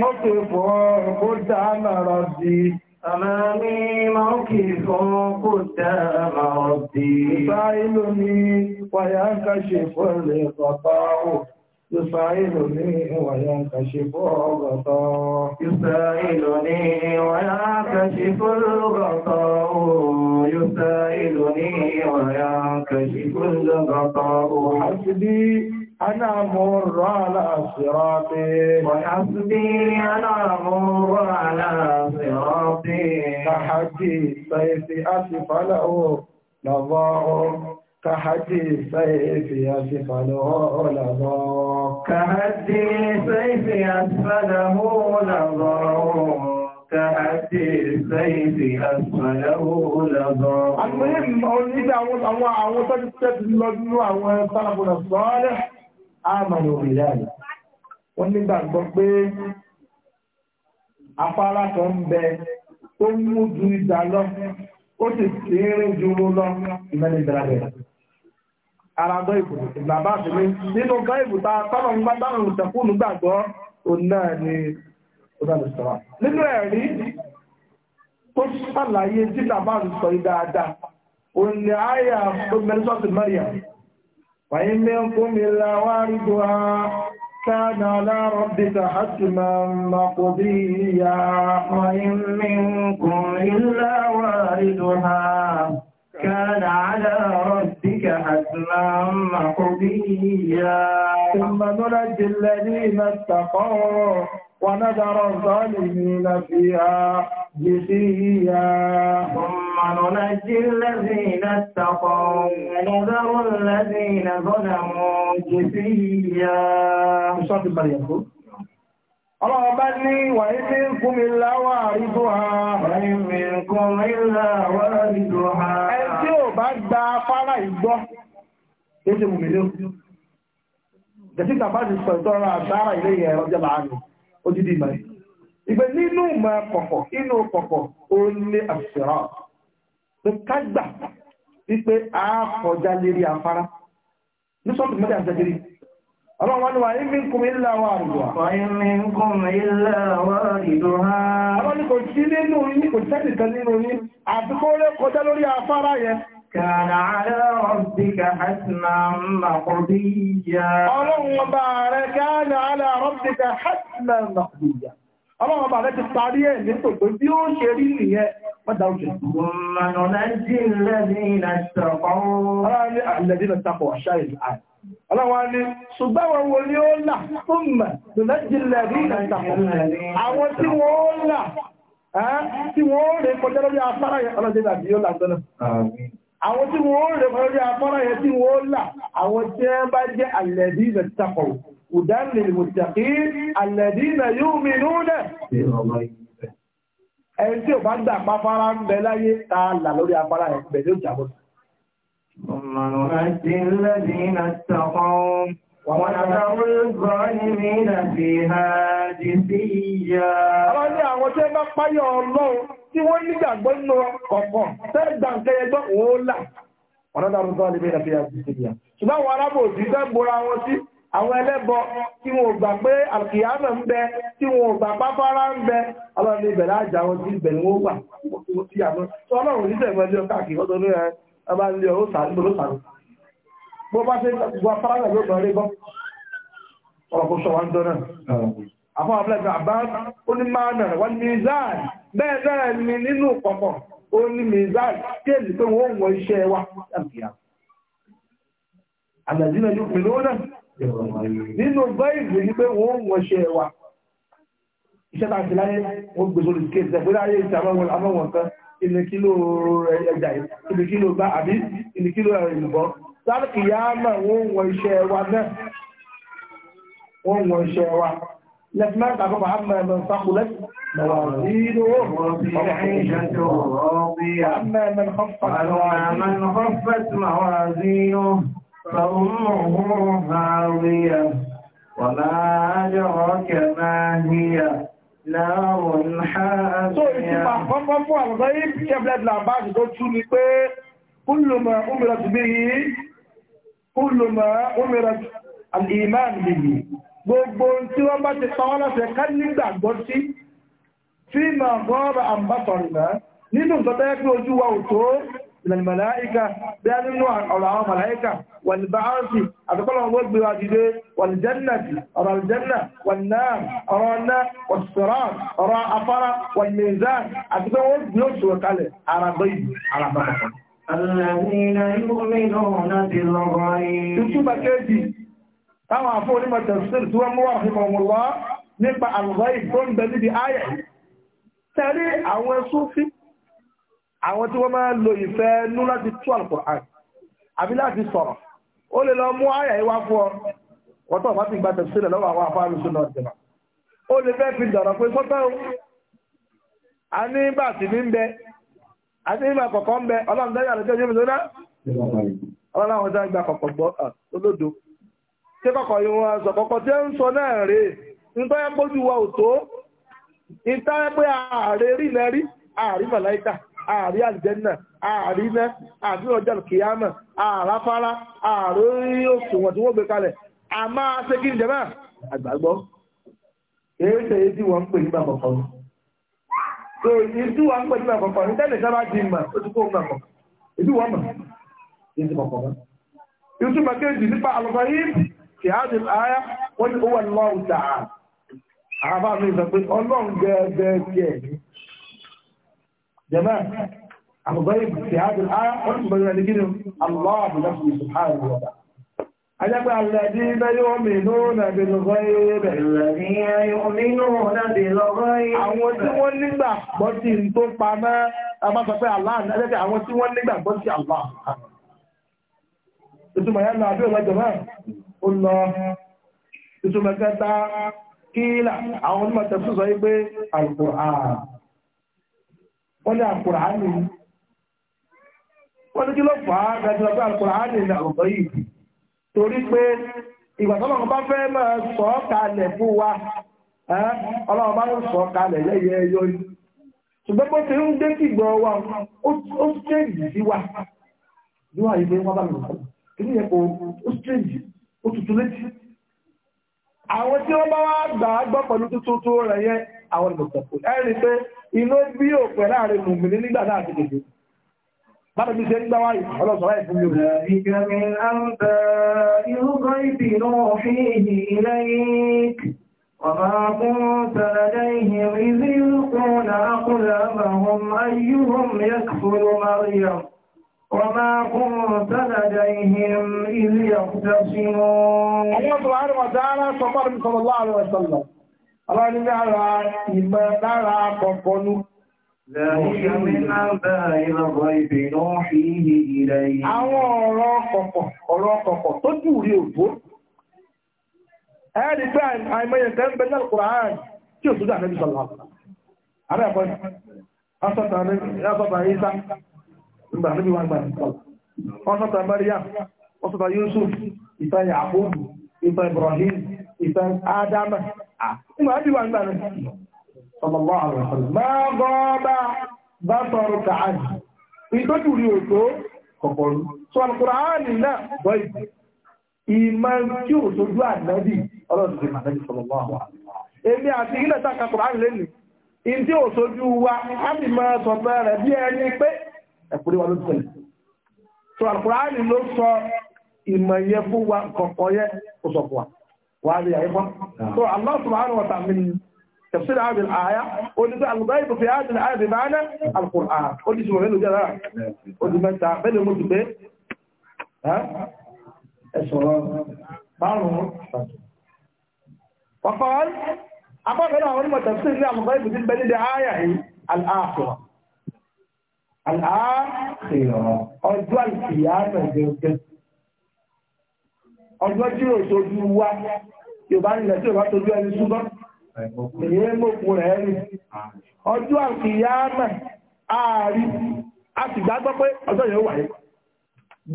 mọ́tò fún أمامي موقف قدام ربي يسائلني وينكشف الغطاء يسائلني وينكشف الغطاء يسائلني وينكشف الغطاء يسائلني وينكشف الغطاء حسبي أنا مر على صراطي وحسبي أنا مر على صراطي كحجي سيفي أسفله لضاع كحجي سيفي أسفله لضاع كحجي سيفي أسفله لضاع كحدي سيفي أسفله لضاع المهم أقول لك الله àwọn tọ́jú tẹ́tù lọ́dún àwọn sálàbùnà àmàlò ìlànà wọ́n nígbàgbọ́ pé afárá kan ń bẹ tó mú ju ìjà lọ ó sì ti rìn ju lọ ìmẹ́lẹ̀ ìdàgbẹ̀ àràdọ́ ìbò ìgbàbá sí ní nínú kan ìbò ta tọ́nà ń gbátánà ìṣẹ̀kúnnù gbàgbọ́ òun náà ni ọdọ́lùsọ́wà nínú ẹ̀rí tó ṣàlàyé títà bá ń sọ ìdáadáa òun ni àyà tó mẹ́rin sọ́ọ̀tì Maryam وإن منكم إلا واردها كان على ربك حتما مقضيا وإن منكم إلا واردها كان على ربك حتما مقضيا ثم ننجي الذين اتقوا ونذر الظالمين فيها جثيا ثم ننجي الذين اتقوا ونذر الذين ظلموا جثيا صوت مريم Ọlọ́run bá ní wà ní tí ń kún mi láwọ́ àrídò ha. Ẹ̀mí kún mi láwọ́ àrídò ha. Ẹ tí ò bá gba fárá ìgbọ́, ètò mùmìnir. Jẹ̀síkà bá ti sọ ìtọ́ra àtàrà ilé ìyẹ̀ ọjọ́ láàrin odidi ìmọ̀ yìí ìgbẹ́ nínú ìmọ̀ kọ̀kọ̀ inú kọ̀kọ̀ ó lé àṣírà tó kágbà wípé a kọjá lérí afárá ní sọ́ọ̀tù mẹ́ta àjẹgìrì ọlọ́run wá ní wa ìmí nkùn ilẹ̀ àwọn àrùwà ọ̀yìnmí nkùn ilẹ̀ àwọn ìdò ha ọlọ́run kò sí nínú yín kò sẹ́nìkan nínú yín àti kó lé kọjá lórí afárá yẹn كان على ربك حتما مقضيا اللهم بارك كان على ربك حتما مقضيا اللهم بارك الصعبية نتوقف بيو شريني ثم ننجي الذين اتقوا الذين اتقوا الشاي الآن الله ni, ṣùgbọ́n wọn ثم ننجي الذين اتقوا fún mẹ́ lọ́jì lẹ́bí ìtàkùn. Àwọn tí wọ́n ó الله tí wọ́n ó àwọn tí wọ́n rẹ̀ mọ́rí afọ́rá yẹ tí wọ́n là àwọn tí wọ́n bá jẹ́ alladhina taqaw hudan lil muttaqin alladhina yu'minuna ẹni tí ò bá gbà pápára ń bẹ láyé ta lórí afọ́rá yẹ وَمَنَذَرُ الظَّالِمِينَ فِيهَا جِثِيًّا Àwọn ní àwọn tí ó bá páyọ̀ ọlọ́run tí wọ́n nígbàgbọ́ nínú ọ̀pọ̀ tẹ́gbà ń kẹyẹ gbọ́ òun là. وَمَنَذَرُ الظَّالِمِينَ فِيهَا جِثِيًّا. Ṣùgbọ́n àwọn arábò òjì fẹ́ bora wọn sí àwọn ẹlẹ́bọ tí wọn ò gbà pé àkìyámẹ̀ ń bẹ tí wọn ò gbà pápára ń bẹ ọlọ́run ní ìbẹ̀rẹ̀ àjà wọn sí ìbẹ̀rẹ̀ wọn wà tí àmọ́ tí bó bá ṣe gbà fáránà ló bẹ̀rẹ̀ bọ́ ọ̀rọ̀ kò sọ wá ń tọ́ náà àfọ́ àbúlẹ̀kọ̀ àbá ó ní máa nà wọ́n ní mizan bẹ́ẹ̀ bẹ́ẹ̀ ni nínú pọ̀pọ̀ ó ní mizan tí èlì pé wọ́n wọ iṣẹ́ wa lábìyà àlàjì náà yóò pè lówó náà nínú bẹ́ẹ̀bù ní pé wọ́n wọ iṣẹ́ wa iṣẹ́ tá bá àbí ilé kílò ẹ̀rọ sáàkì yá mà wọ́n wọ iṣẹ́ wa náà wọ́n wọ iṣẹ́ wa lẹ́fìmẹ́ntà kọ́ bá mọ̀ ẹ̀mọ̀ sákùlẹ̀ موازين عيشة راضية أما من خفت موازينه فأمه هاوية وما أدراك ما هي نار حامية Kúlùmọ̀ ọmọ ìrọ̀tùbí yìí kúlù máa ó mẹ́ra al'iman lèyí gbogbo tí wọ́n bá ti pàwọ́ láti ká nígbàgbọ́ sí tí ma gọ́ọ̀rọ̀ àmbátọ̀rìnà nínú tọ́tẹ́ pé ojú wa ò tó ìlànìmàláíkà bí a nínú ọ̀rọ̀ àwọn màláíkà wàlìbáánsì àtọ́kọ́lọ̀ wọn gbé wa dìde wàlìjẹ́nàtì ọ̀rọ̀ àlìjẹ́nà Ìjúbà kéjì, táwọn àfún onímọ̀ tẹ̀sìr tí wọ́n mọ́wàá fi mọ̀mọ̀lá nípa àlùbáyì tó ń bẹ níbi ayẹ̀. Tẹ́rí àwọn Súfí, àwọn tí wọ́n máa lo ìfẹ́ nú láti tú Al-Qur'an, àbí láti sọ̀rọ̀. Ó lè lọ mú ayẹ̀ wá fún ọ, wọ́tọ̀ bá ti gba tẹ̀sìr lọ́wọ́ àti ìmọ̀ àkọ́kọ́ ń bẹ ọlọ́run dájú àlejò yóò fi sọ́dá ọlọ́run dájú gba kọ̀kọ̀ gbọ́ lódò tí kọ̀kọ̀ yìí wọn sọ kọ̀kọ̀ tí ó ń sọ náà rè é nítorí pé ojú wa ò tó nítorí pé ààrẹ rí iná rí ààrí màláìkà ààrí àlìjẹ́nà ààrí iná àbí ọjà kìámà àràfárá ààrẹ orí òṣùwọ̀n tí wọ́n gbé kalẹ̀ àmọ́ aṣèkí ìjẹ́mà àgbàgbọ́ èyí tẹ̀yẹ́ tí wọ́n ń pè nígbà kọ̀ọ̀kan so ìdú wa ń pẹ̀lú àkọ́kọ́ ní tẹ́lẹ̀ sábà di mà ó ti kó ń gbàgbọ́ ìdú wa mà ní ti kọ̀kọ́ mọ́. ìtú mà kéjì nípa àlọ́kọ́ yìí kì á di àyà wọ́n ti owó ọlọ́run tà á. àbá mi sọ pé ọlọ́run gẹ́gẹ́ tiẹ̀ ní. jẹ̀mọ́ àlọ́kọ́ yìí kì á di àyà wọ́n ti bẹ̀rẹ̀ ní kí ni àlọ́ àbúrò Ajẹ́gbẹ́ alẹ́dí bẹ́lú omi lóòrùn àti lọ́gọ́ ẹ̀rẹ́ Àwọn tí wọ́n nígbà gbọ́ sí ń tó pa mẹ́, a máa sọ pé Allah ní ẹgbẹ́ àwọn tí wọ́n nígbà gbọ́ sí Allah. Ìtumọ̀ yẹn náà bí ọmọ jẹ̀mọ́ ó lọ. Ìtumọ̀ kẹta kíílà àwọn onímọ̀ tẹ̀sùn sọ wípé Al-Qur'an. Wọ́n ní Al-Qur'an ni. Wọ́n ní kí ló fà á gajúmọ̀ pé Al-Qur'an ni àlùkò yìí. torí pé ìgbà tọ́lọ́run bá fẹ́ máa sọ ọ́ kalẹ̀ fún wa ọlọ́run bá ń sọ kalẹ̀ lẹ́yẹ ẹyọ yìí ṣùgbọ́n ń dé kìgbọ́ wa ó ṣèjì sí wa ní wàá ìgbé wọn bá àwọn tí wọ́n bá wá gbà á gbọ́ pẹ̀lú tuntun rẹ̀ yẹn àwọn ìgbọ̀nsẹ̀ kò pé bí láàrin nígbà náà ti Bára bí ṣe ń gbá wáyé, ọlọ́sọ̀rọ̀ ẹ̀ fún mi rò. Ìgbàmí àmbà ìrúkọ ìbìnú òfin ìlẹ́ وما كنت لديهم إذ يلقون أقلامهم أيهم يكفل مريم وما كنت لديهم إذ يختصمون الله سبحانه وتعالى صبر صلى الله عليه وسلم الله يجعل إبادة قبلك ذلك من أنباء الغيب نوحيه إليه àwọn ọ̀rọ̀ kọ̀kọ̀ ọ̀rọ̀ kọ̀kọ̀ tó jù rí òjò ẹ̀ẹ́dì pé àìmọye kan bẹ náà Kùránì tí ò súdà nẹ́bí sọ̀lá ààrẹ ẹ̀kọ́ asọ́ta Ìsá nígbà níbi wọn gbà ọsọ́ta Maria ọsọ́ta Ibrahim ìta Adama nígbà níbi wọn gbà nẹ́bí sallallahu alaihi wasallam máa bọ́ bá bá sọ̀rọ̀ kàáàdì ìtọ́jú rí òtó kọ̀kọ̀rú sọ alukùránì náà bọ́ ìdí ìmọ̀ tí ò tójú ànábì ọlọ́dún ti màdájú sallallahu alaihi wasallam èmi àti ilẹ̀ tá kakùránì lẹ́nu ìdí ò tójú wa á sì máa sọ bẹ́rẹ̀ bí ẹni pé ẹ̀kúrẹ́ wa ló tẹ̀lé sọ alukùránì ló sọ ìmọ̀ yẹn fún wa kọ̀kọ̀ yẹn ó sọ fún àyíkọ́ ah. so Allah subhanahu wa ta'ala تفسير هذه الآية قل لي الغيب في هذه الآية بمعنى القرآن قل شو شنو غيره جدا قل لي من تعبين الموت به ها الصلاة بعضهم وقال أما قال أول تفسير لي الغيب دي بني الآية الآخرة الآخرة أرجو القيامة جدا أرجو القيامة جدا Yorùbá nílẹ̀ tí Yorùbá tó bí ẹni ṣúgbọ́n èyí mọ̀kún rẹ̀ rí ọjọ́ àkìyámà ààrí a sì gbàgbọ́ pé ọjọ́ yóò wáyé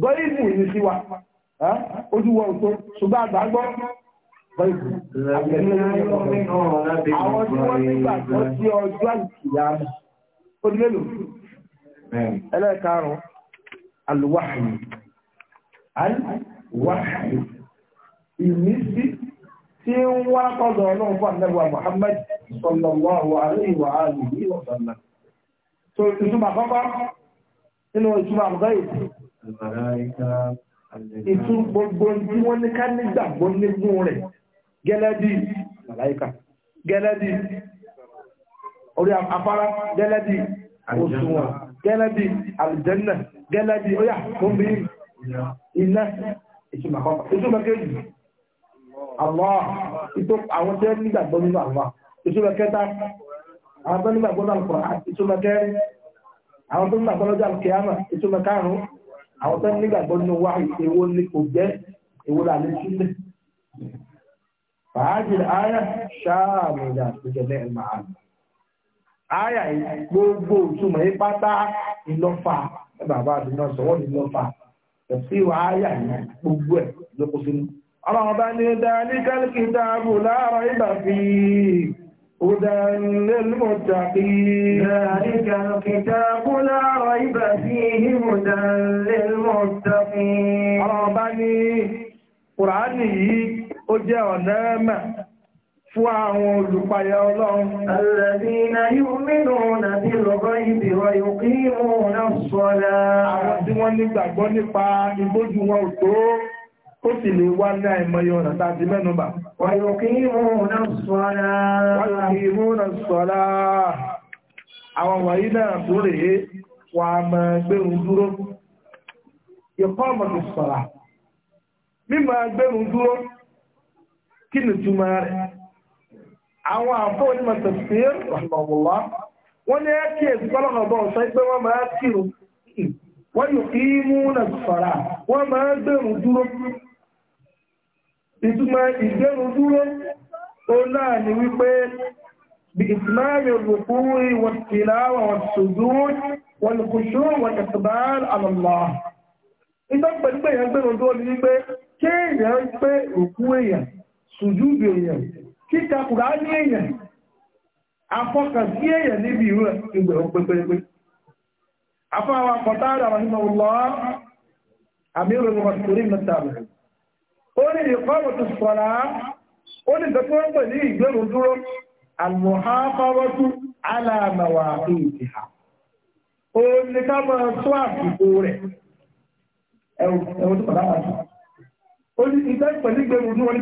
gọ́ìbù yìí sí wa ojúwọ́ òtó ṣùgbọ́n àgbàgbọ́ gọ́ìbù àwọn tí wọ́n nígbàgbọ́ sí ọjọ́ àkìyámà ó dé lò ẹlẹ́ẹ̀karùn-ún alùwàhì alùwàhì ìmísí tí ń wá kọ́dọ̀ ọlọ́run fún àdẹ́gbà Muhammad sallallahu alaihi wa alihi wa sallam so ìtumọ̀ àkọ́kọ́ nínú ìtumọ̀ àbúgáyé ìtú gbogbo tí wọ́n ní ká nígbàgbọ́ nígún rẹ̀ gẹ́lẹ́ bí màláìka gẹ́lẹ́ bí orí afárá gẹ́lẹ́ bí òṣùwọ̀n gẹ́lẹ́ bí àlùjànnà gẹ́lẹ́ bí ó yà tó ń bí iná ìtumọ̀ àkọ́kọ́ ìtumọ̀ kejì Allah ìtò àwọn tẹ́ nígbàgbọ́ nínú Allah ìṣúlẹ̀ kẹta àwọn tó nígbàgbọ́ náà kọ̀ ìṣúlẹ̀ kẹrin àwọn tó nígbàgbọ́ lọ́jà kìámà ìṣúlẹ̀ karùn-ún àwọn tó nígbàgbọ́ nínú wá èwo ni kò jẹ́ èwo là ní sílẹ̀. fàájì àyà ṣáàmì ìdá ìjọba ẹ̀ máa àyà gbogbo ìtumọ̀ رغبا لذلك الكتاب لا ريب فيه هدى للمتقين ذلك الكتاب لا ريب فيه هدى للمتقين رغبا Kùránì yìí ó jẹ́ ọ̀nà ẹ̀mà fún àwọn olùpayà ọlọ́run. Alladhina yu'minuna bil-ghaybi wa yuqimuna as-salah. Àwọn tí wọ́n nígbàgbọ́ nípa ìgbójú wọn ò tó ó sì lè wá ní àìmọye ọ̀nà tàbí mẹ́nubà. Wàyòkí ìmúnà sọ́lá. Àwọn wàyí náà tó rèé wà mọ̀ gbẹ̀rún dúró. Ìkọ́ ọmọdé sọ́lá. ni túmọ̀ rẹ̀? Àwọn àfọ́ onímọ̀ tafsir rahimahullah. Wọ́n ní ẹ́kì èsì kọ́lọ́kọ̀ọ́bọ̀ sọ pé wọ́n máa kírun. Wọ́n yòkí ìmúnà sọ́lá. Wọ́n máa gbẹ̀rún dúró. ìtumọ̀ ìgbẹ́rù dúró ó náà ni wípé bí ìtìmáàrí olùkúrí wọ́n ti láwà wọ́n ṣojú wọ́n lè kùṣú wọ́n tẹ̀sùbá àlọ́lọ́ ìtọ́ pẹ̀lú pé èèyàn gbẹ́rù dúró ni wípé kí èèyàn pé ní èèyàn afọ́kàn sí èèyàn níbi ìrú ìgbẹ̀rù pẹ́pẹ́pẹ́ afọ́ àwọn akọ̀tá àdàmà nínú ọlọ́ àmì ìròyìn wọn kò mẹ́ta bẹ̀rẹ̀ ó ní ìkọ́rọ̀ tó sọ̀rọ̀ ó ní ìdọ́kọ́ ń pè ní ìgbèrò dúró àmọ̀háfáwọ́tú aláàmàwà èdè ha ó ní ká máa tó àsìkò rẹ̀ ẹ̀wọ̀n tó pàdánù àti ó ní ìdá ìpẹ̀lú ìgbèrò dúró ní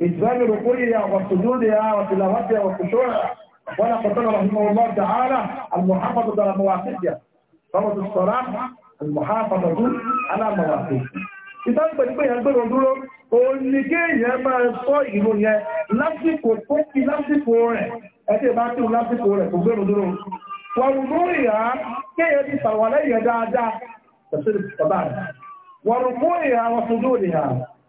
إسلام ركوعها وسجودها وتلاوتها وخشوعها ولقد قال رحمه الله تعالى المحافظة على مواقفها فرض الصلاة المحافظة على مواقفها ìtàgbẹ̀ pé ẹgbẹ́ ọdúró onígé ìyẹn máa sọ ìlú yẹn lásìkò tó kí lásìkò rẹ̀ ẹgbẹ́ bá tí ó lásìkò rẹ̀ kò gbẹ́rù dúró wọ̀rùn ìyá kéyẹ ti sàwọ̀lẹ́ ìyẹn dáadáa tẹ̀sílẹ̀ bàbá rẹ̀ wọ̀rùn ìyá wọ́n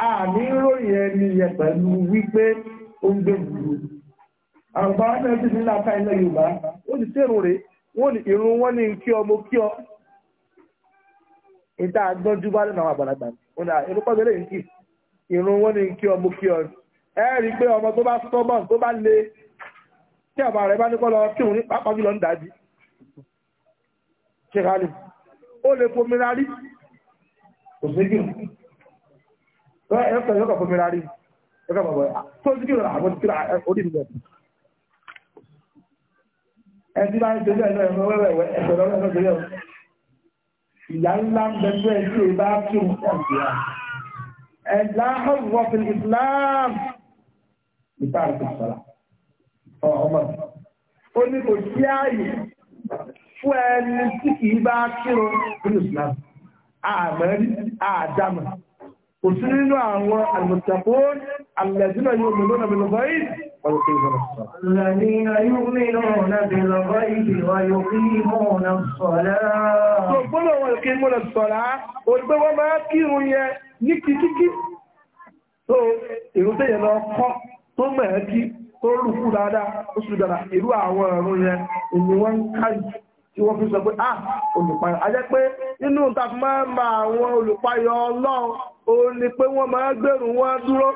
àmì ìròyìn ẹni yẹ pẹ̀lú wípé ó ń gbé ìlú àgbà ọ̀nà ti nílá ká ilẹ̀ Yorùbá ó ti sèrò rè wọ́n ní irun wọ́n ní kí ọmọ kí ọ ìta àgbọ́njú bá lẹ́nu àwọn àgbàlagbà ó ní irúpọ̀ gbélé ń kì irun wọ́n ní kí ọmọ kí ọ ẹ rí i pé ọmọ tó bá stubborn tó bá le tí àbá rẹ bá ní kọ́ lọ kí òun ní pápá jùlọ ń dájú ṣe kálí ó lè fomi rárí kò sí kí ẹ̀kọ́ yọ́kọ̀ fún mi rárí ẹ̀kọ́ bàbá tó ti kí lọ́la àwọn ti kíra orí ìlú ẹ̀ ti láti ṣe bẹ́ẹ̀ náà wẹ́wẹ́wẹ́ ẹ̀sẹ̀ lọ́wọ́ ẹ̀sẹ̀ lọ́wọ́ ìyá ńlá ń bẹ̀rẹ̀ sí ìbá kí n ẹ̀dá ọ̀rọ̀ fi Islam nípa àti ìsọ̀rọ̀ ọmọ ó ní kò sí ààyè fún ẹni tí kì í bá kírun ní Islam àmọ́ àdámọ̀ kò sí nínú àwọn àlùmọ̀tàkó àlẹ́jìnà yóò mú lónà bílọ́bọ̀ yìí wọ́n kí ìwọ̀n sọ. Lẹ́nìyàn yóò mú lónà bílọ́bọ̀ yìí wà yóò kí ìmọ̀nà sọ̀lá. Tó gbọ́nà wọ́n kí ìmọ̀nà sọ̀lá, tí wọ́n fi sọ pé, ah, olùpayọ̀. A pé nínú ìtàkùn máa àwọn olùpayọ̀ ọlọ́run ó ní pé wọ́n máa gbẹ̀rù wọn dúró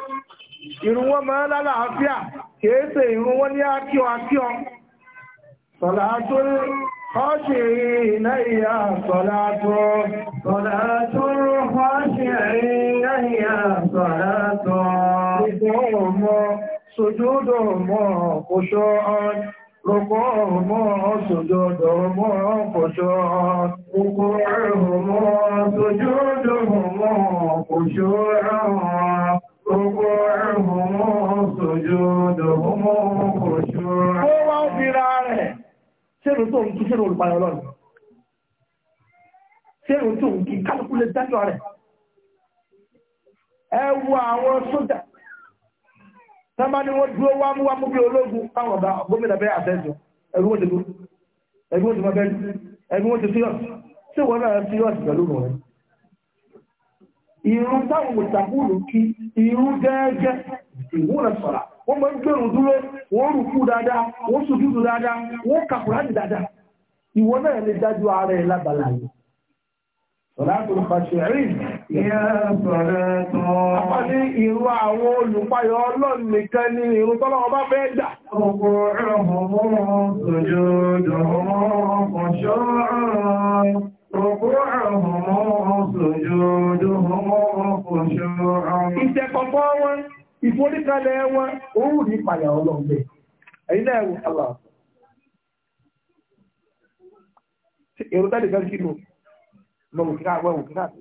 Ìrù wọn máa lálàáfíà kèése ìrù wọn ní ákíọ ákíọ sọ̀làtò ọ́ṣì iná ìyá sọ̀làtò sọ̀làtò iná ìyá sọ̀làtò sojúdọ̀ ركوعهم سجودهم خشوع ركوعهم سجودهم خشوع ركوعهم سجودهم خشوع هو في راره sẹ́rù tó ń kí sẹ́rù olùpayọ̀ lọ́nà sẹ́rù tó ń kí kálukú lè dájọ́ rẹ̀ ẹ wo àwọn sójà sábà ni wọ́n dúró wá mú wá mú bí ológun táwọn ọ̀gá gómìnà bẹ́ẹ̀ àtẹ́jọ ẹ̀rú wọ́n ti gbó ẹ̀rú wọ́n ti mọ bẹ́ẹ̀ ẹ̀rú wọ́n ti síyọ̀sì tí wọ́n náà síyọ̀sì pẹ̀lú rẹ̀. ìrún táwọn mùsàkúrù kí ìrún gẹ́gẹ́ ìwúrẹ̀ sọ̀rọ̀ wọ́n máa ń gbèrú dúró wọ́n rù kú dáadáa wọ́n sojúdù dáadáa wọ́n kàkùrá ní dáadáa ìwọ náà lè dájú ara ẹ̀ lábàlá yìí. Àpàdé ìrú àwọn olùpayọ̀ ọlọ́run nìkan ni ìrún tọ́lọ́wọ́ bá fẹ́ jà. Ọkọ̀ ọ̀hún ṣojú ọ̀hún ọ̀ṣọ́ Ìṣẹ̀kọ̀kọ́ wọn, ìforíkalẹ̀ wọn, oòrùn ní ìpàyà ọlọ́ọ̀bẹ̀. Ẹ̀yí náà ẹ̀wọ̀ Allah. Èrò tẹ́lẹ̀ fẹ́ kí lò, lọ òkìká àwọ̀ òkìká àti.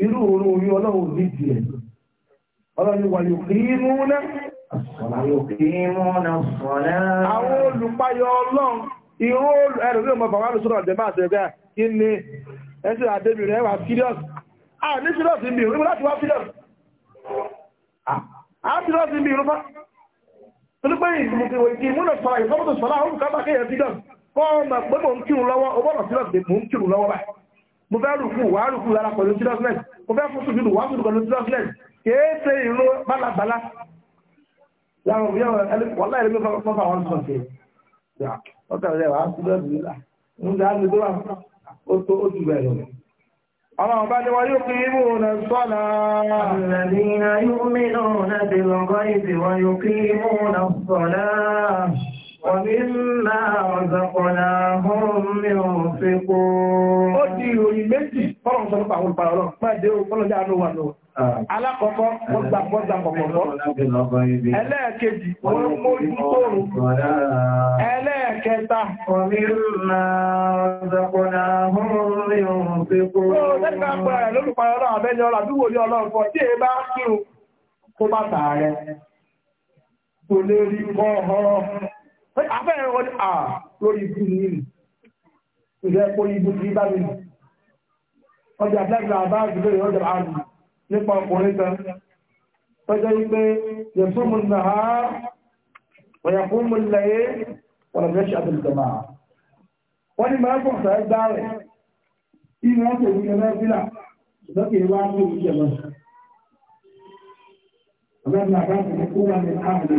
irú òru orí ọlọ́run ní ìdílé ọlọ́run wà yóò kí í mú ná àwọn olùpayọ ọlọ́run irú ẹ̀rù ní ọmọ bàbá lùsọ́rọ̀ ọ̀dẹ̀má àtẹ̀gbẹ́ kí ni ẹ̀sìn àdébìnrin ẹwà fídíọ̀s à ní fídíọ̀s ń bí irú láti wá fídíọ̀s à fídíọ̀s ń bí irú fá torípé ìmúnà sọ̀rọ̀ ìfọ́mọ́tò sọ̀rọ̀ àwọn olùkábàkẹ́yẹ fídíọ̀s kọ́ ọmọ pé mò ń kírun lọ́wọ́ mo fẹ́ rùkú wà rùkú lára pẹ̀lú tílọ́sílẹ̀t mo fẹ́ fún sùjúdù wà sùjúdù pẹ̀lú tílọ́sílẹ̀t kéèsè ìró bálabàlá láwọn òbí ọ̀rọ̀ wọ́lá ìrẹ́gbẹ́ fọ́fà Àwọn ọba ni wọ́n yóò fi imú na sọ́nà. Àlàdínà yóò mìíràn náà ti lọ́gọ́ ìsìn yóò fi imú na sọ́nà. Ọmílá ọ̀zọ̀kọ̀láhùn mi ò fi kó. Ó di ìròyìn méjì, fọ́nà sọ nípa àwọn olùpàá ọlọ́run, máa dé ọlọ́run jẹ́ àánú wà lọ. Ah. Alákọ̀ọ́kọ́, wọ́n gbà pọ́ta kọ̀kọ̀kọ́. Ẹlẹ́ẹ̀kejì, wọ́n mójú tóòrùn. Ẹlẹ́ẹ̀kẹta, ọmílá ọ̀zọ̀kọ̀láhùn mi ò fi kó. Ó lẹ́gbàá pẹ̀lú olùpàá ọlọ́run àbẹ́jọ́ ọlọ́run àdúgbò ní ọlọ́run fọ́ tí èé bá kírun kó bá tààrẹ. Kò kọ́ ọ̀họ́ afẹ́rẹ́ wọn à ah, lórí ikú nínú ìjẹ́ epo ibú ti bá mi ọjà tẹ́gbà bá ìgbèrè ọjà àrùn nípa ọkùnrin kan tọ́jọ́ wípé yẹ̀sùnmù náà wọ̀yẹ̀kùnmù lẹ́yẹ wọ̀lọ̀mẹ́ṣẹ́ àtẹ̀lẹ̀dọ̀mà wọ́n ni máa kọ̀ọ̀sọ̀ ẹ gbá rẹ̀ ìwọ̀n tó wí ẹgbẹ́ fílà lókè wá tó wí jẹ̀mọ́ ọ̀gbẹ́ni àbáṣe ní kúrò ní àmì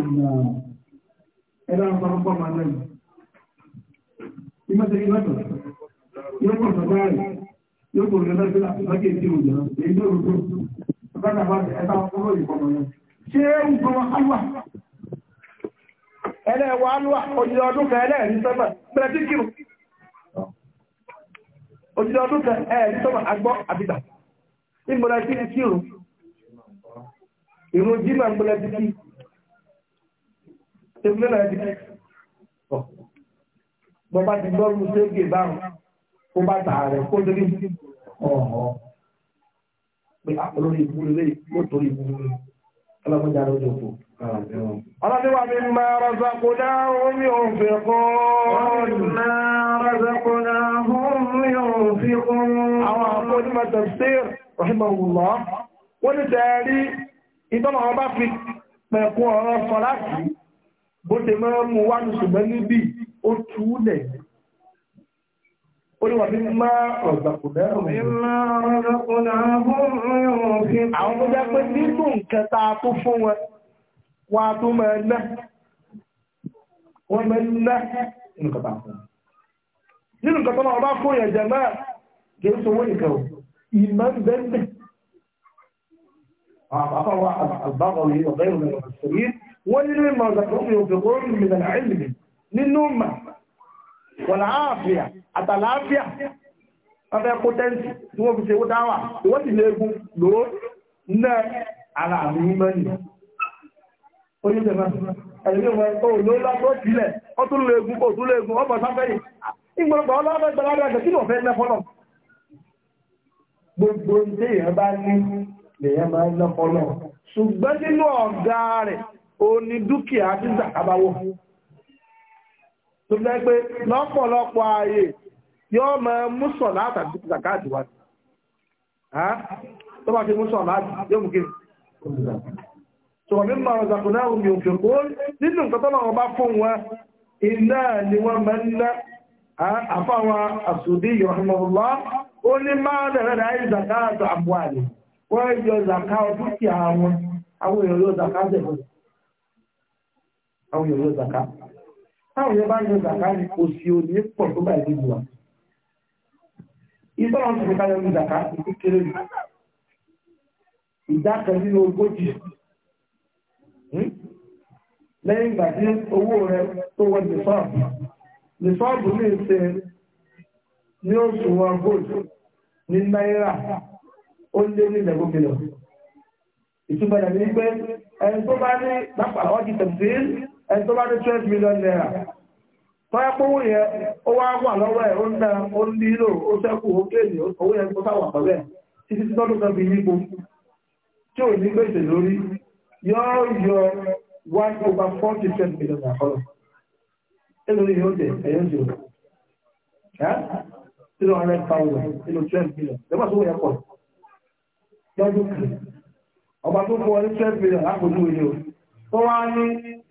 ẹ̀dá ọ̀pọ̀lọpọ̀ máa náà ìmọ̀tẹ̀ ìmọ̀tọ̀ yóò pọ̀ sọ̀tọ̀ rẹ̀ yóò pọ̀ lọ́dọ̀ sí lọ́kẹ́ tí ó jẹun èyí tó rúgbó ọ̀pọ̀lọpọ̀ àwọn ẹ̀dá ọ̀pọ̀lọpọ̀ ìkọ̀mọ̀ yẹn ṣé ń gbọ́ alúwà ẹlẹ́wọ̀ alúwà òjìdá ọdún kan ẹlẹ́ẹ̀rí sọ́mà bẹ̀rẹ̀ tí kìrù òjìdá ọdún kan ẹ̀ẹ̀rí sọ́mà agbọ́ àbídà ìmọ̀lẹ̀ tí kìrù ìròjì máa ń gbọ́lẹ̀ tí kìrù tèmi náà di ọ̀ bọ́ bá ti gbọ́ lu sége báwọn kó bá tà rẹ̀ kó lórí ọ̀họ́ pé ah, olórí ìbú lè kó torí ìbú lè ọlọ́mọdé àrùn jọ fò. Ọlọ́dún wa mi máa rọ̀zọ̀ kò náà omi òun fi kún. Máa rọ̀zọ̀ kò náà omi òun fi kún. Àwọn àpò onímọ̀ tafsir, rahimahullah, wọ́n ní tẹ̀rí ìtọ́nà ọba fi pẹ̀kún ọ̀rọ̀ sọ láti bó ṣe máa mú wá ní ṣùgbọ́n níbi ó túlẹ̀ ó ní wà ní máa ọ̀gbàkùnrin àwọn tó jẹ́ pé nínú nǹkan ta tó fún wọn wá tó máa ná wọ́n máa ná nínú nǹkan tó nínú nǹkan tó máa bá fún ìyẹn jẹ̀mọ́ wọ́n ní ní ma zàkóhùn òfìkó mìíràn àìlìmì nínú mà wọ̀nà àáfíà àtàlàáfíà ọ̀fẹ́ kó tẹ́ǹtì tí wọ́n fi ṣe ó dáwà ìwọ́n sì léegun lòó ní ara àmì mẹ́rin oye jẹma ẹ̀lẹ́gbẹ̀ wọn ó lóòlá tó sílẹ̀ ọtún léegun ó tún léegun ọmọ sáfẹ́yìn ìgbọ̀nàgbọ̀ ọlọ́fẹ́ gbẹ̀lẹ́gbẹ̀ àti kí ló fẹ́ lẹ́fọ́lọ́ gbogbo ní èèyàn bá ní lèèyàn máa ń lẹ́fọ́lọ́ ṣùgbọ́n nínú ọ̀gá rẹ̀ ó ní dúkìá tí zàkàbáwọ̀ tó jẹ́ pé lọ́pọ̀lọpọ̀ ààyè yóò mọ músọ̀ látàkì zàkàtì wá tó bá ti músọ̀ láti yóò mú kí sọ̀rọ̀ mímọ̀ ọ̀zàkùn náà mi ò fèkó nínú nǹkan tó lọ́wọ́ bá fún wọn iná ni wọ́n àfáwọn ó ní máa bẹ̀rẹ̀ láì àbúwàlì wọ́n yọ àwọn èèyàn yóò àwọn èèyàn yọ zàká táwọn èèyàn bá yọ zàká ni òsì òní pọ̀ tó báyìí nínú wa ìtọ́lọ́ ti fi káyọ̀ ní zàká ìtú kéré ni ìdá kan nínú ogójì hmm? lẹ́yìn ìgbà tí owó rẹ tó wọ nìsọ́ọ̀bù nìsọ́ọ̀bù ní ìṣe ní oṣù wọn gold ní náírà ó lé ní ìlẹ̀kùn kìlọ̀ ìtumọ̀ ìdàgbé pé ẹni tó bá ní lápá ọjọ́ tẹ̀síìlì ẹni tó bá ní twelve million naira tọ́yẹ́ pọ́wọ́ yẹn ó wá wà lọ́wọ́ ẹ̀ ó ń dá ó ń nílò ó sẹ́kù ó kéèyàn owó yẹn tó sáwà pẹ̀lú ẹ̀ títí yọ one over forty ten million yóò jẹ jù three hundred thousand twelve million tó kan ọba tó twelve million òye o tó wá ní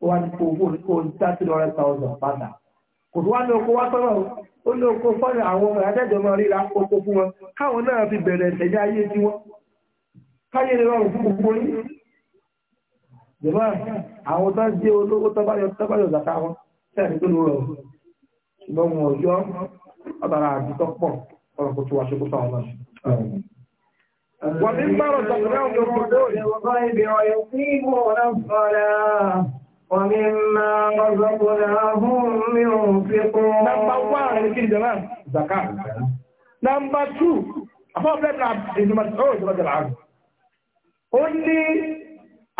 ó wá ní kó kó dá three hundred thousand padà kò tó wá ní oko wá sọ́nà ó ní oko fọ́nà àwọn ọmọ adájọ́ máa ríra oko fún wọn káwọn náà fi bẹ̀rẹ̀ ẹ̀ṣẹ̀dá ayé tí wọ́n káyé lè rọrùn fún gbogbo yín jọba àwọn tó ń jẹ́ olówó tọ́báyọ̀ zàká wọn sẹ́ẹ̀ni tó ló rọrùn ṣùgbọ́n wọn ò yọ ọ̀tara àdúgbò pọ̀ ọ̀rọ̀ kò tó wá ṣokó fáwọn náà. wọ́n ti ń bá ọ̀rọ̀ sọ̀rọ̀ náà Ọmímá rọ́gbọ́gbọ́n ahún mi Nàmbà wà ní kí ìjọba zaka. Ó ní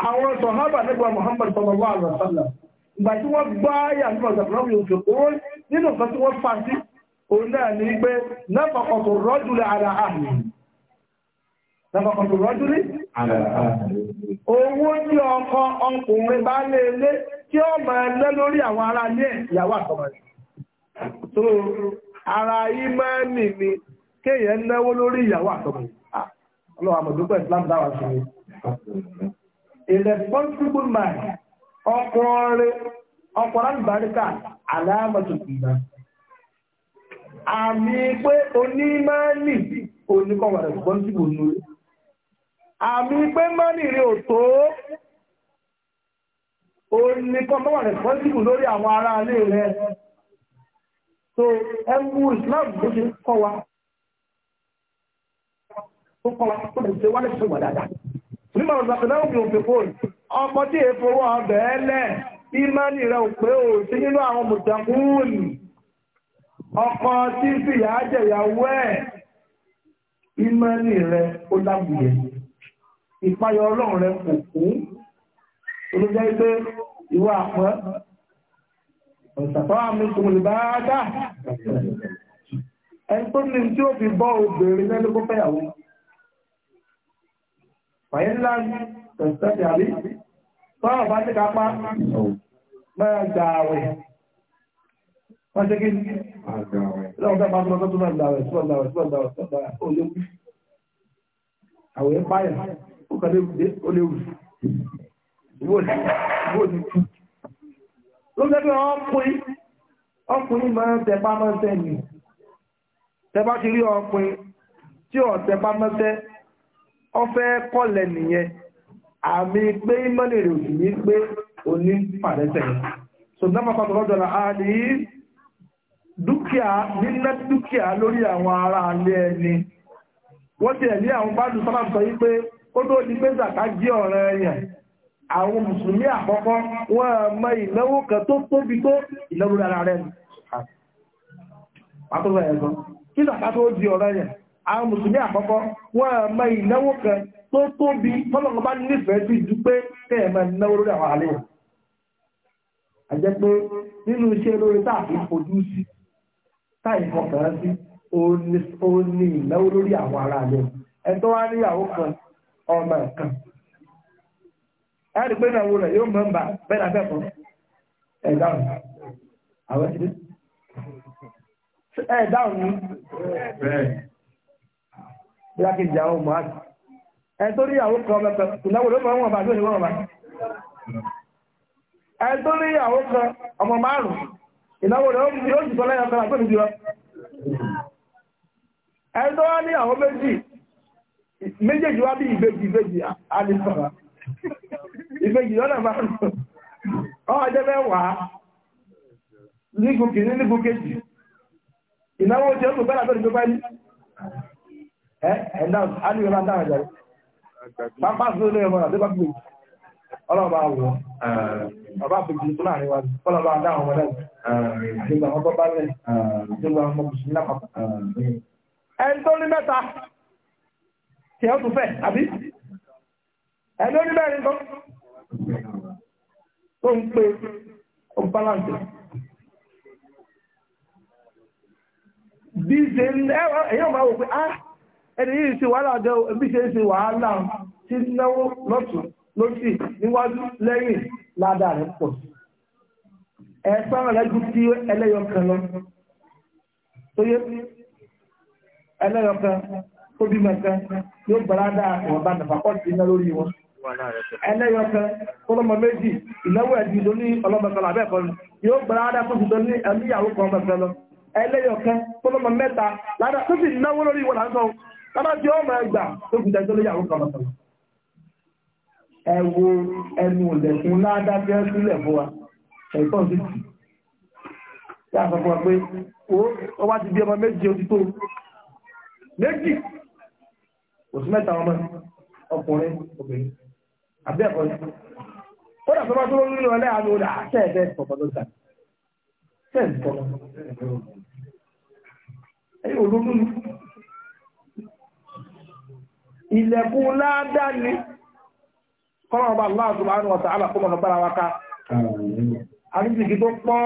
àwọn sọ̀hábà nígbà Muhammad sallallahu alaihi wasallam. Ìgbà tí wọ́n gbá yà ní ọ̀sán mi Lọ́pọ̀pọ̀tò rọ́júrí? Owó tí ọkọ ọkùnrin bá lè lé tí ó mọ̀ ẹlẹ́ lórí àwọn ará ilé ìyàwó àtọmọ̀ rẹ̀. So, ara ìmẹ́ni ni kéèyàn náwó lórí ìyàwó àtọmọ̀ rẹ̀. Ah, Ọlọ́wà mọ̀dúpẹ́ Islam dáwà sí mi. A responsible man, ọkùnrin, ọkùnrin àbáríkà, aláàmọ̀tò ìgbà. Àmì pé onímọ̀ nì, oníkọ̀wà responsible lórí. àmì pé mọ́nì rí ò tó o ní kọ́kọ́ wà lórí àwọn ará alé rẹ̀ so Islam ló ṣe kọ́ wa tó kọ́ wa tó lè ṣe wá lè ṣe wà dáadáa nígbà ọ̀sán náà ò fi kó ọkọ̀ tí ọbẹ̀ ẹlẹ̀ rẹ̀ ò pé ò sí nínú àwọn tí ìpáyọ ọlọ́run rẹ kò kú olójẹ́ pé ìwà àpọ́ ọ̀sàtọ́ àmì ìkùnlẹ̀ bá dá ẹni tó ní tí ó fi bọ́ obìnrin lẹ́nu kó fẹ́yàwó fàyẹ́ ńlá tẹ̀sẹ̀tẹ̀ àbí tọ́rọ̀ bá ti kápá mẹ́ra gbà àwẹ̀ wọ́n ṣe kí ní lọ́wọ́ fẹ́ máa tọ́tọ́ tó máa gbà àwẹ̀ tó gbà àwẹ̀ tó gbà àwẹ̀ tó gbà àwẹ̀ ó kà lè olèwù ìwòsí ló lẹ́bẹ̀ ọkùnrin ọkùnrin máa ń tẹpá mọ́sẹ́ ni tẹpá ti rí ọkùnrin tí ọ̀ tẹpá mọ́sẹ́ ọfẹ́ kọlẹ̀ nìyẹn àmì pé mọ́lẹ̀ rẹ̀ òsì ní pé oní pàdẹ́sẹ̀ sọ̀dọ́mọ̀kọ́ tọ́jọ́ dúkìá níná dúkìá lórí àwọn ará alẹ́ ẹni wọ́n ti ẹ̀ ní àwọn bá lù sọ́lá sọ yí pé ó tó di pé zaka jẹ́ ọ̀ràn ẹ̀yàn àwọn mùsùlùmí àkọ́kọ́ wọ́n mọ ìnáwó kan tó tóbi tó ìnáwó lára rẹ̀ pàtàkì ẹ̀sọ́ kí zaka tó di ọ̀ràn ẹ̀yàn àwọn mùsùlùmí àkọ́kọ́ wọ́n mọ ìnáwó kan tó tóbi tọ́lọ́kọ́ bá nífẹ̀ẹ́ sí ju pé kẹ́ẹ̀mọ ìnáwó lórí àwọn àlẹ́ àjẹ́ pé nínú iṣẹ́ lórí táàfi fojú sí táì fọkàn sí ó ní ìnáwó lórí àwọn ará rẹ̀ ẹ̀tọ́ wá níyàwó kan ọmọ kan ẹ̀rí pé náà wo mọ̀ nbà bẹ́ẹ̀ náà fẹ́kọ̀ọ́ ẹ̀ àwọn ti dé ẹ̀ dáhùn bí a kì í jà àwọn ọmọ àti ẹ̀ torí àwọn kan ọmọ ìnáwó ló mọ̀ wọn bá lónìí wọn bá torí àwọn kan ọmọ márùn-ún ìnáwó rẹ̀ yóò jù sọ lẹ́yìn ọkọ̀ àgbẹ̀mí tó méjèèjì wá bí ìbejì ìbejì àdìsọ̀rọ̀ ìbejì lọ́nà bá ń lọ ọwọ́ ajẹ́ mẹ́wàá nígùnkì ní nígùnkèjì ìnáwó tí ó tó bẹ́rẹ̀ tó dìgbò pẹ́lú ẹ̀dá alìyọ́ máa dáhùn jẹ́ pápá sí olóyè mọ́ra tó bá bí ọlọ́ba ọba láàrin wa ọlọ́ba bá tí ó tún fẹ́ àbí ẹni ó ní bẹ́ẹ̀ nǹkan tó ń pe ó balance bí ẹ̀yọ́ máa wò pé á ah, ẹni yìí ṣe wàhálà jẹ́ bí ṣe wàhálà tí náwó lọ́tún lóṣì níwájú lẹ́yìn ládàá rẹ̀ pọ̀ ẹ̀ẹ́sán rẹ̀ ju tí ẹlẹ́yọkan lọ tó yẹ ẹlẹ́yọkan ó bí mẹ́kan yóò gbọ́lá dáa wọ́n bá nàfà pọ́ sí iná lórí wọn ẹlẹ́yọ kan kọlọmọ méjì ìnáwó ẹ̀dì tó ní ọlọ́mọkan àbẹ́ẹ̀kọ́ ni yóò gbọ́lá dáa tó ti tó ní ẹlúyàwó kan mẹ́fẹ́ lọ ẹlẹ́yọ kan kọlọmọ mẹ́ta ládà tó sì náwó lórí wọn lásán ládà tí ó mọ ẹgbà tó fi dẹjọ́ lóyàwó kan mẹ́fẹ́ lọ ẹ wo ẹnu ìlẹ̀kùn ládà tí ẹ sílẹ̀ fún wa ẹ̀kọ́ sí ti yá sọ fún wa pé ó wá ti bí ọmọ oṣù mẹ́ta ọmọ ọkùnrin obìnrin àbí ẹ̀kọ́ ni ó dà sọ́mọ́ tó ló nílò ẹlẹ́ àánú rẹ̀ àtẹ̀ẹ̀dẹ́ pọ̀pọ̀ ló dà sẹ́ẹ̀dì pọ̀pọ̀ ẹ̀yìn olóògùn ni ilẹ̀kùn ládá ni kọ́nà ọba Allah subhanahu wa ta'ala kọ́mọ̀ ọ̀bára wa ká àríṣìkì tó pọ́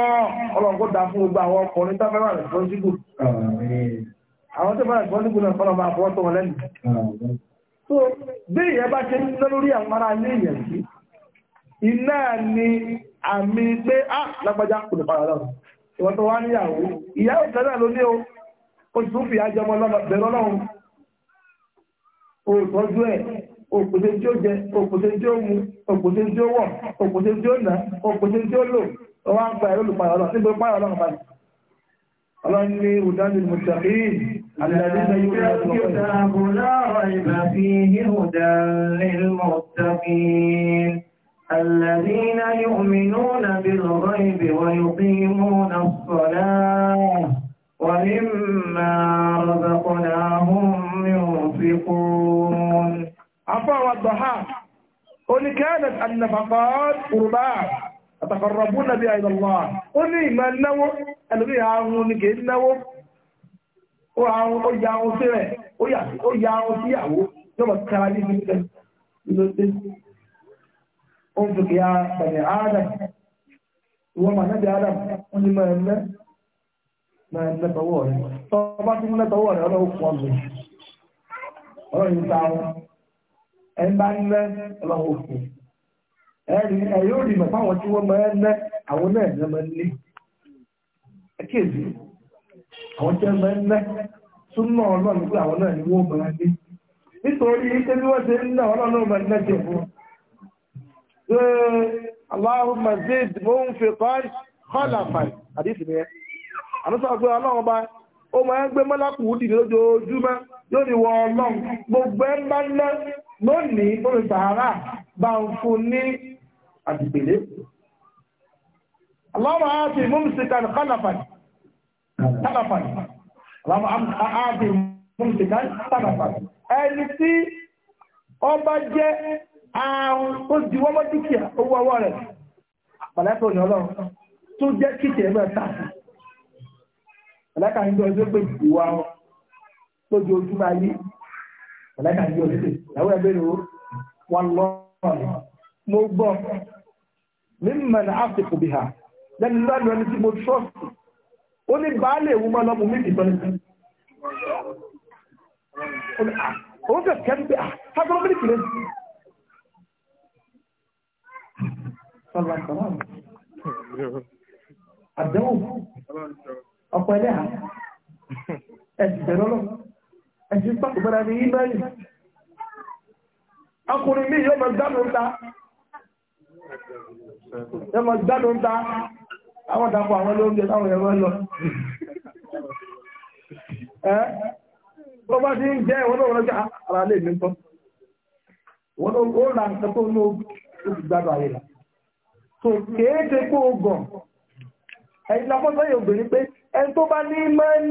ọlọ́nkó dà fún gbogbo àwọn ọkùnrin tábẹ́rẹ́ rẹ̀ fọ́n sígùn àwọn tó bá gbọ́ nígbò náà fọ́nà máa fọ́ wọn lẹ́nu so bí ìyẹn bá ṣe ń ná lórí àwọn ará ilé sí iná ni àmì pé á ah, lágbájá kò lè fara lọ́rùn ìwọ́n tó wá níyàwó ìyá òkè náà ló ní o ó sì tún fi ìyá jẹmọ lọ́nà bẹ̀rẹ̀ ọlọ́run o tọ́jú ẹ̀ òpòṣe tí ó jẹ òpòṣe tí ó mu òpòṣe tí ó wọ̀ òpòṣe tí ó nà òpòṣe tí ó lò ọwọ́ àgbà ẹ̀rọ olùpàyọ̀ ọlọ́run nígbà olùpàyọ̀ ọlọ́run báyìí ọlọ́run ní ìwòdánilmùtàkì الذين كتاب لا ريب فيه هدى للمتقين الذين يؤمنون بالغيب ويقيمون الصلاة ومما رزقناهم ينفقون عفا والضحاك قل كانت النفقات قربان أتقربون بها إلى الله قل ما النوم الغي عامون النوم ó ya ohun sí ń ya adam na adam na lẹ́ ọlọ́wọ́ fún ẹ̀rí ẹ̀yọ́ fáwọn tí wọ́n lẹ́ àwọn náà àwọn jẹ́ mẹ́lẹ́ súnmọ́ ọlọ́run pé àwọn náà ni wọ́n máa dé nítorí pé bí wọ́n ṣe ń náà ọlọ́run máa lẹ́jẹ̀ fún Allahumma zid munfiqan khalafan àdìsí ni ẹ àmúṣà pé ọlọ́run bá ó máa ń gbé mọ́lápù dìde lójoojúmọ́ yóò ní wọ ọlọ́run gbogbo ẹ̀ bá ná lónìí tó lè sàárà bá ń fún ní àdìpèlé Allahumma á ti mú mi sí kan khalafan tálàfà àwọn ààbò ìmúṣẹ̀ká tálàfà ẹni tí ọba jẹ́ àrùn tó diwọ́wọ́ dúkìá owó ọwọ́ rẹ̀ pàlẹ́pọ̀ ní ọlọ́run tó jẹ́ kìtẹ̀ ẹgbẹ́ tààfà pàlẹ́kà ń jọ ẹgbẹ́ ìwà ọ tó di ojú máa yí pàlẹ́kà ń jọ ẹgbẹ́ ìyàwó ẹgbẹ́ ìrò wọn lọ́wọ́ mo gbọ́ mímọ̀ ní àfikù bìhà lẹ́nu lọ́nà ẹni mo trọ́ọ̀tì ó ní baálé ewu máa lọ́mù mí ìtọ́ ní. Ah, òun fẹ́ kẹ́ pé àtàkùn ah, mílì kìlẹ̀. àdéhù ọ̀pọ̀ ẹlẹ́hà ẹ̀sìn bẹ̀rẹ̀ lọ ẹ̀sìn pàtó bẹ̀rẹ̀ ní ìbẹ̀rẹ̀ ọkùnrin mi yóò máa gbádùn ta yóò máa gbádùn ta. àwọn dàpọ̀ àwọn olóúnjẹ táwọn ẹ̀rọ lọ ẹ́ tó bá ti ń jẹ́ ìwọ́n náà lọ́jọ́ ara lè ní tọ́ wọ́n ó ra tó ní ayé là tó kéèké kó pé ẹni tó bá ní mẹ́rin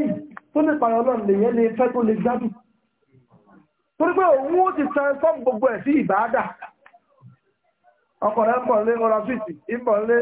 tó lè lè fẹ́ tó lè pé òun ó ti san fọ́ọ̀mù gbogbo ẹ̀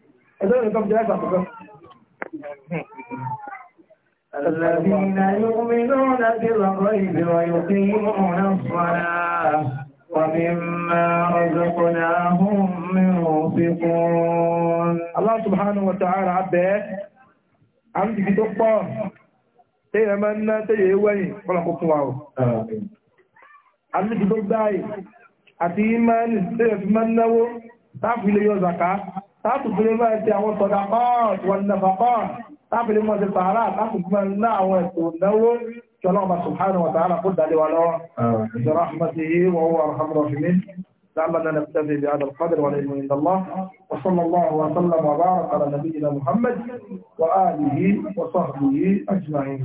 الذين يؤمنون بالغيب ويقيمون الصلاة ومما رزقناهم ينفقون الله سبحانه وتعالى عبد عمد في تقبى تيه منا تيه وين ولا قطوة عبد في تقبى àti ìmánì tẹ́yẹ̀ fi máa látùgbélé máa ti àwọn sọ̀dà pọ́ọ̀tù wọn nàfà pọ́ọ̀tù lábìlé mọ́ sí sàárà látùgbélé ńlá àwọn ètò ìnáwó kí ọlọ́ọ̀bà subhanahu wa ta'ala kó dalé wa lọ́wọ́ ìṣọ́rọ̀ rahmatihi wa huwa arhamur rahimin لعلنا نبتدي بهذا القدر والعلم الله وصلى الله وسلم وبارك على نبينا محمد وآله وصحبه أجمعين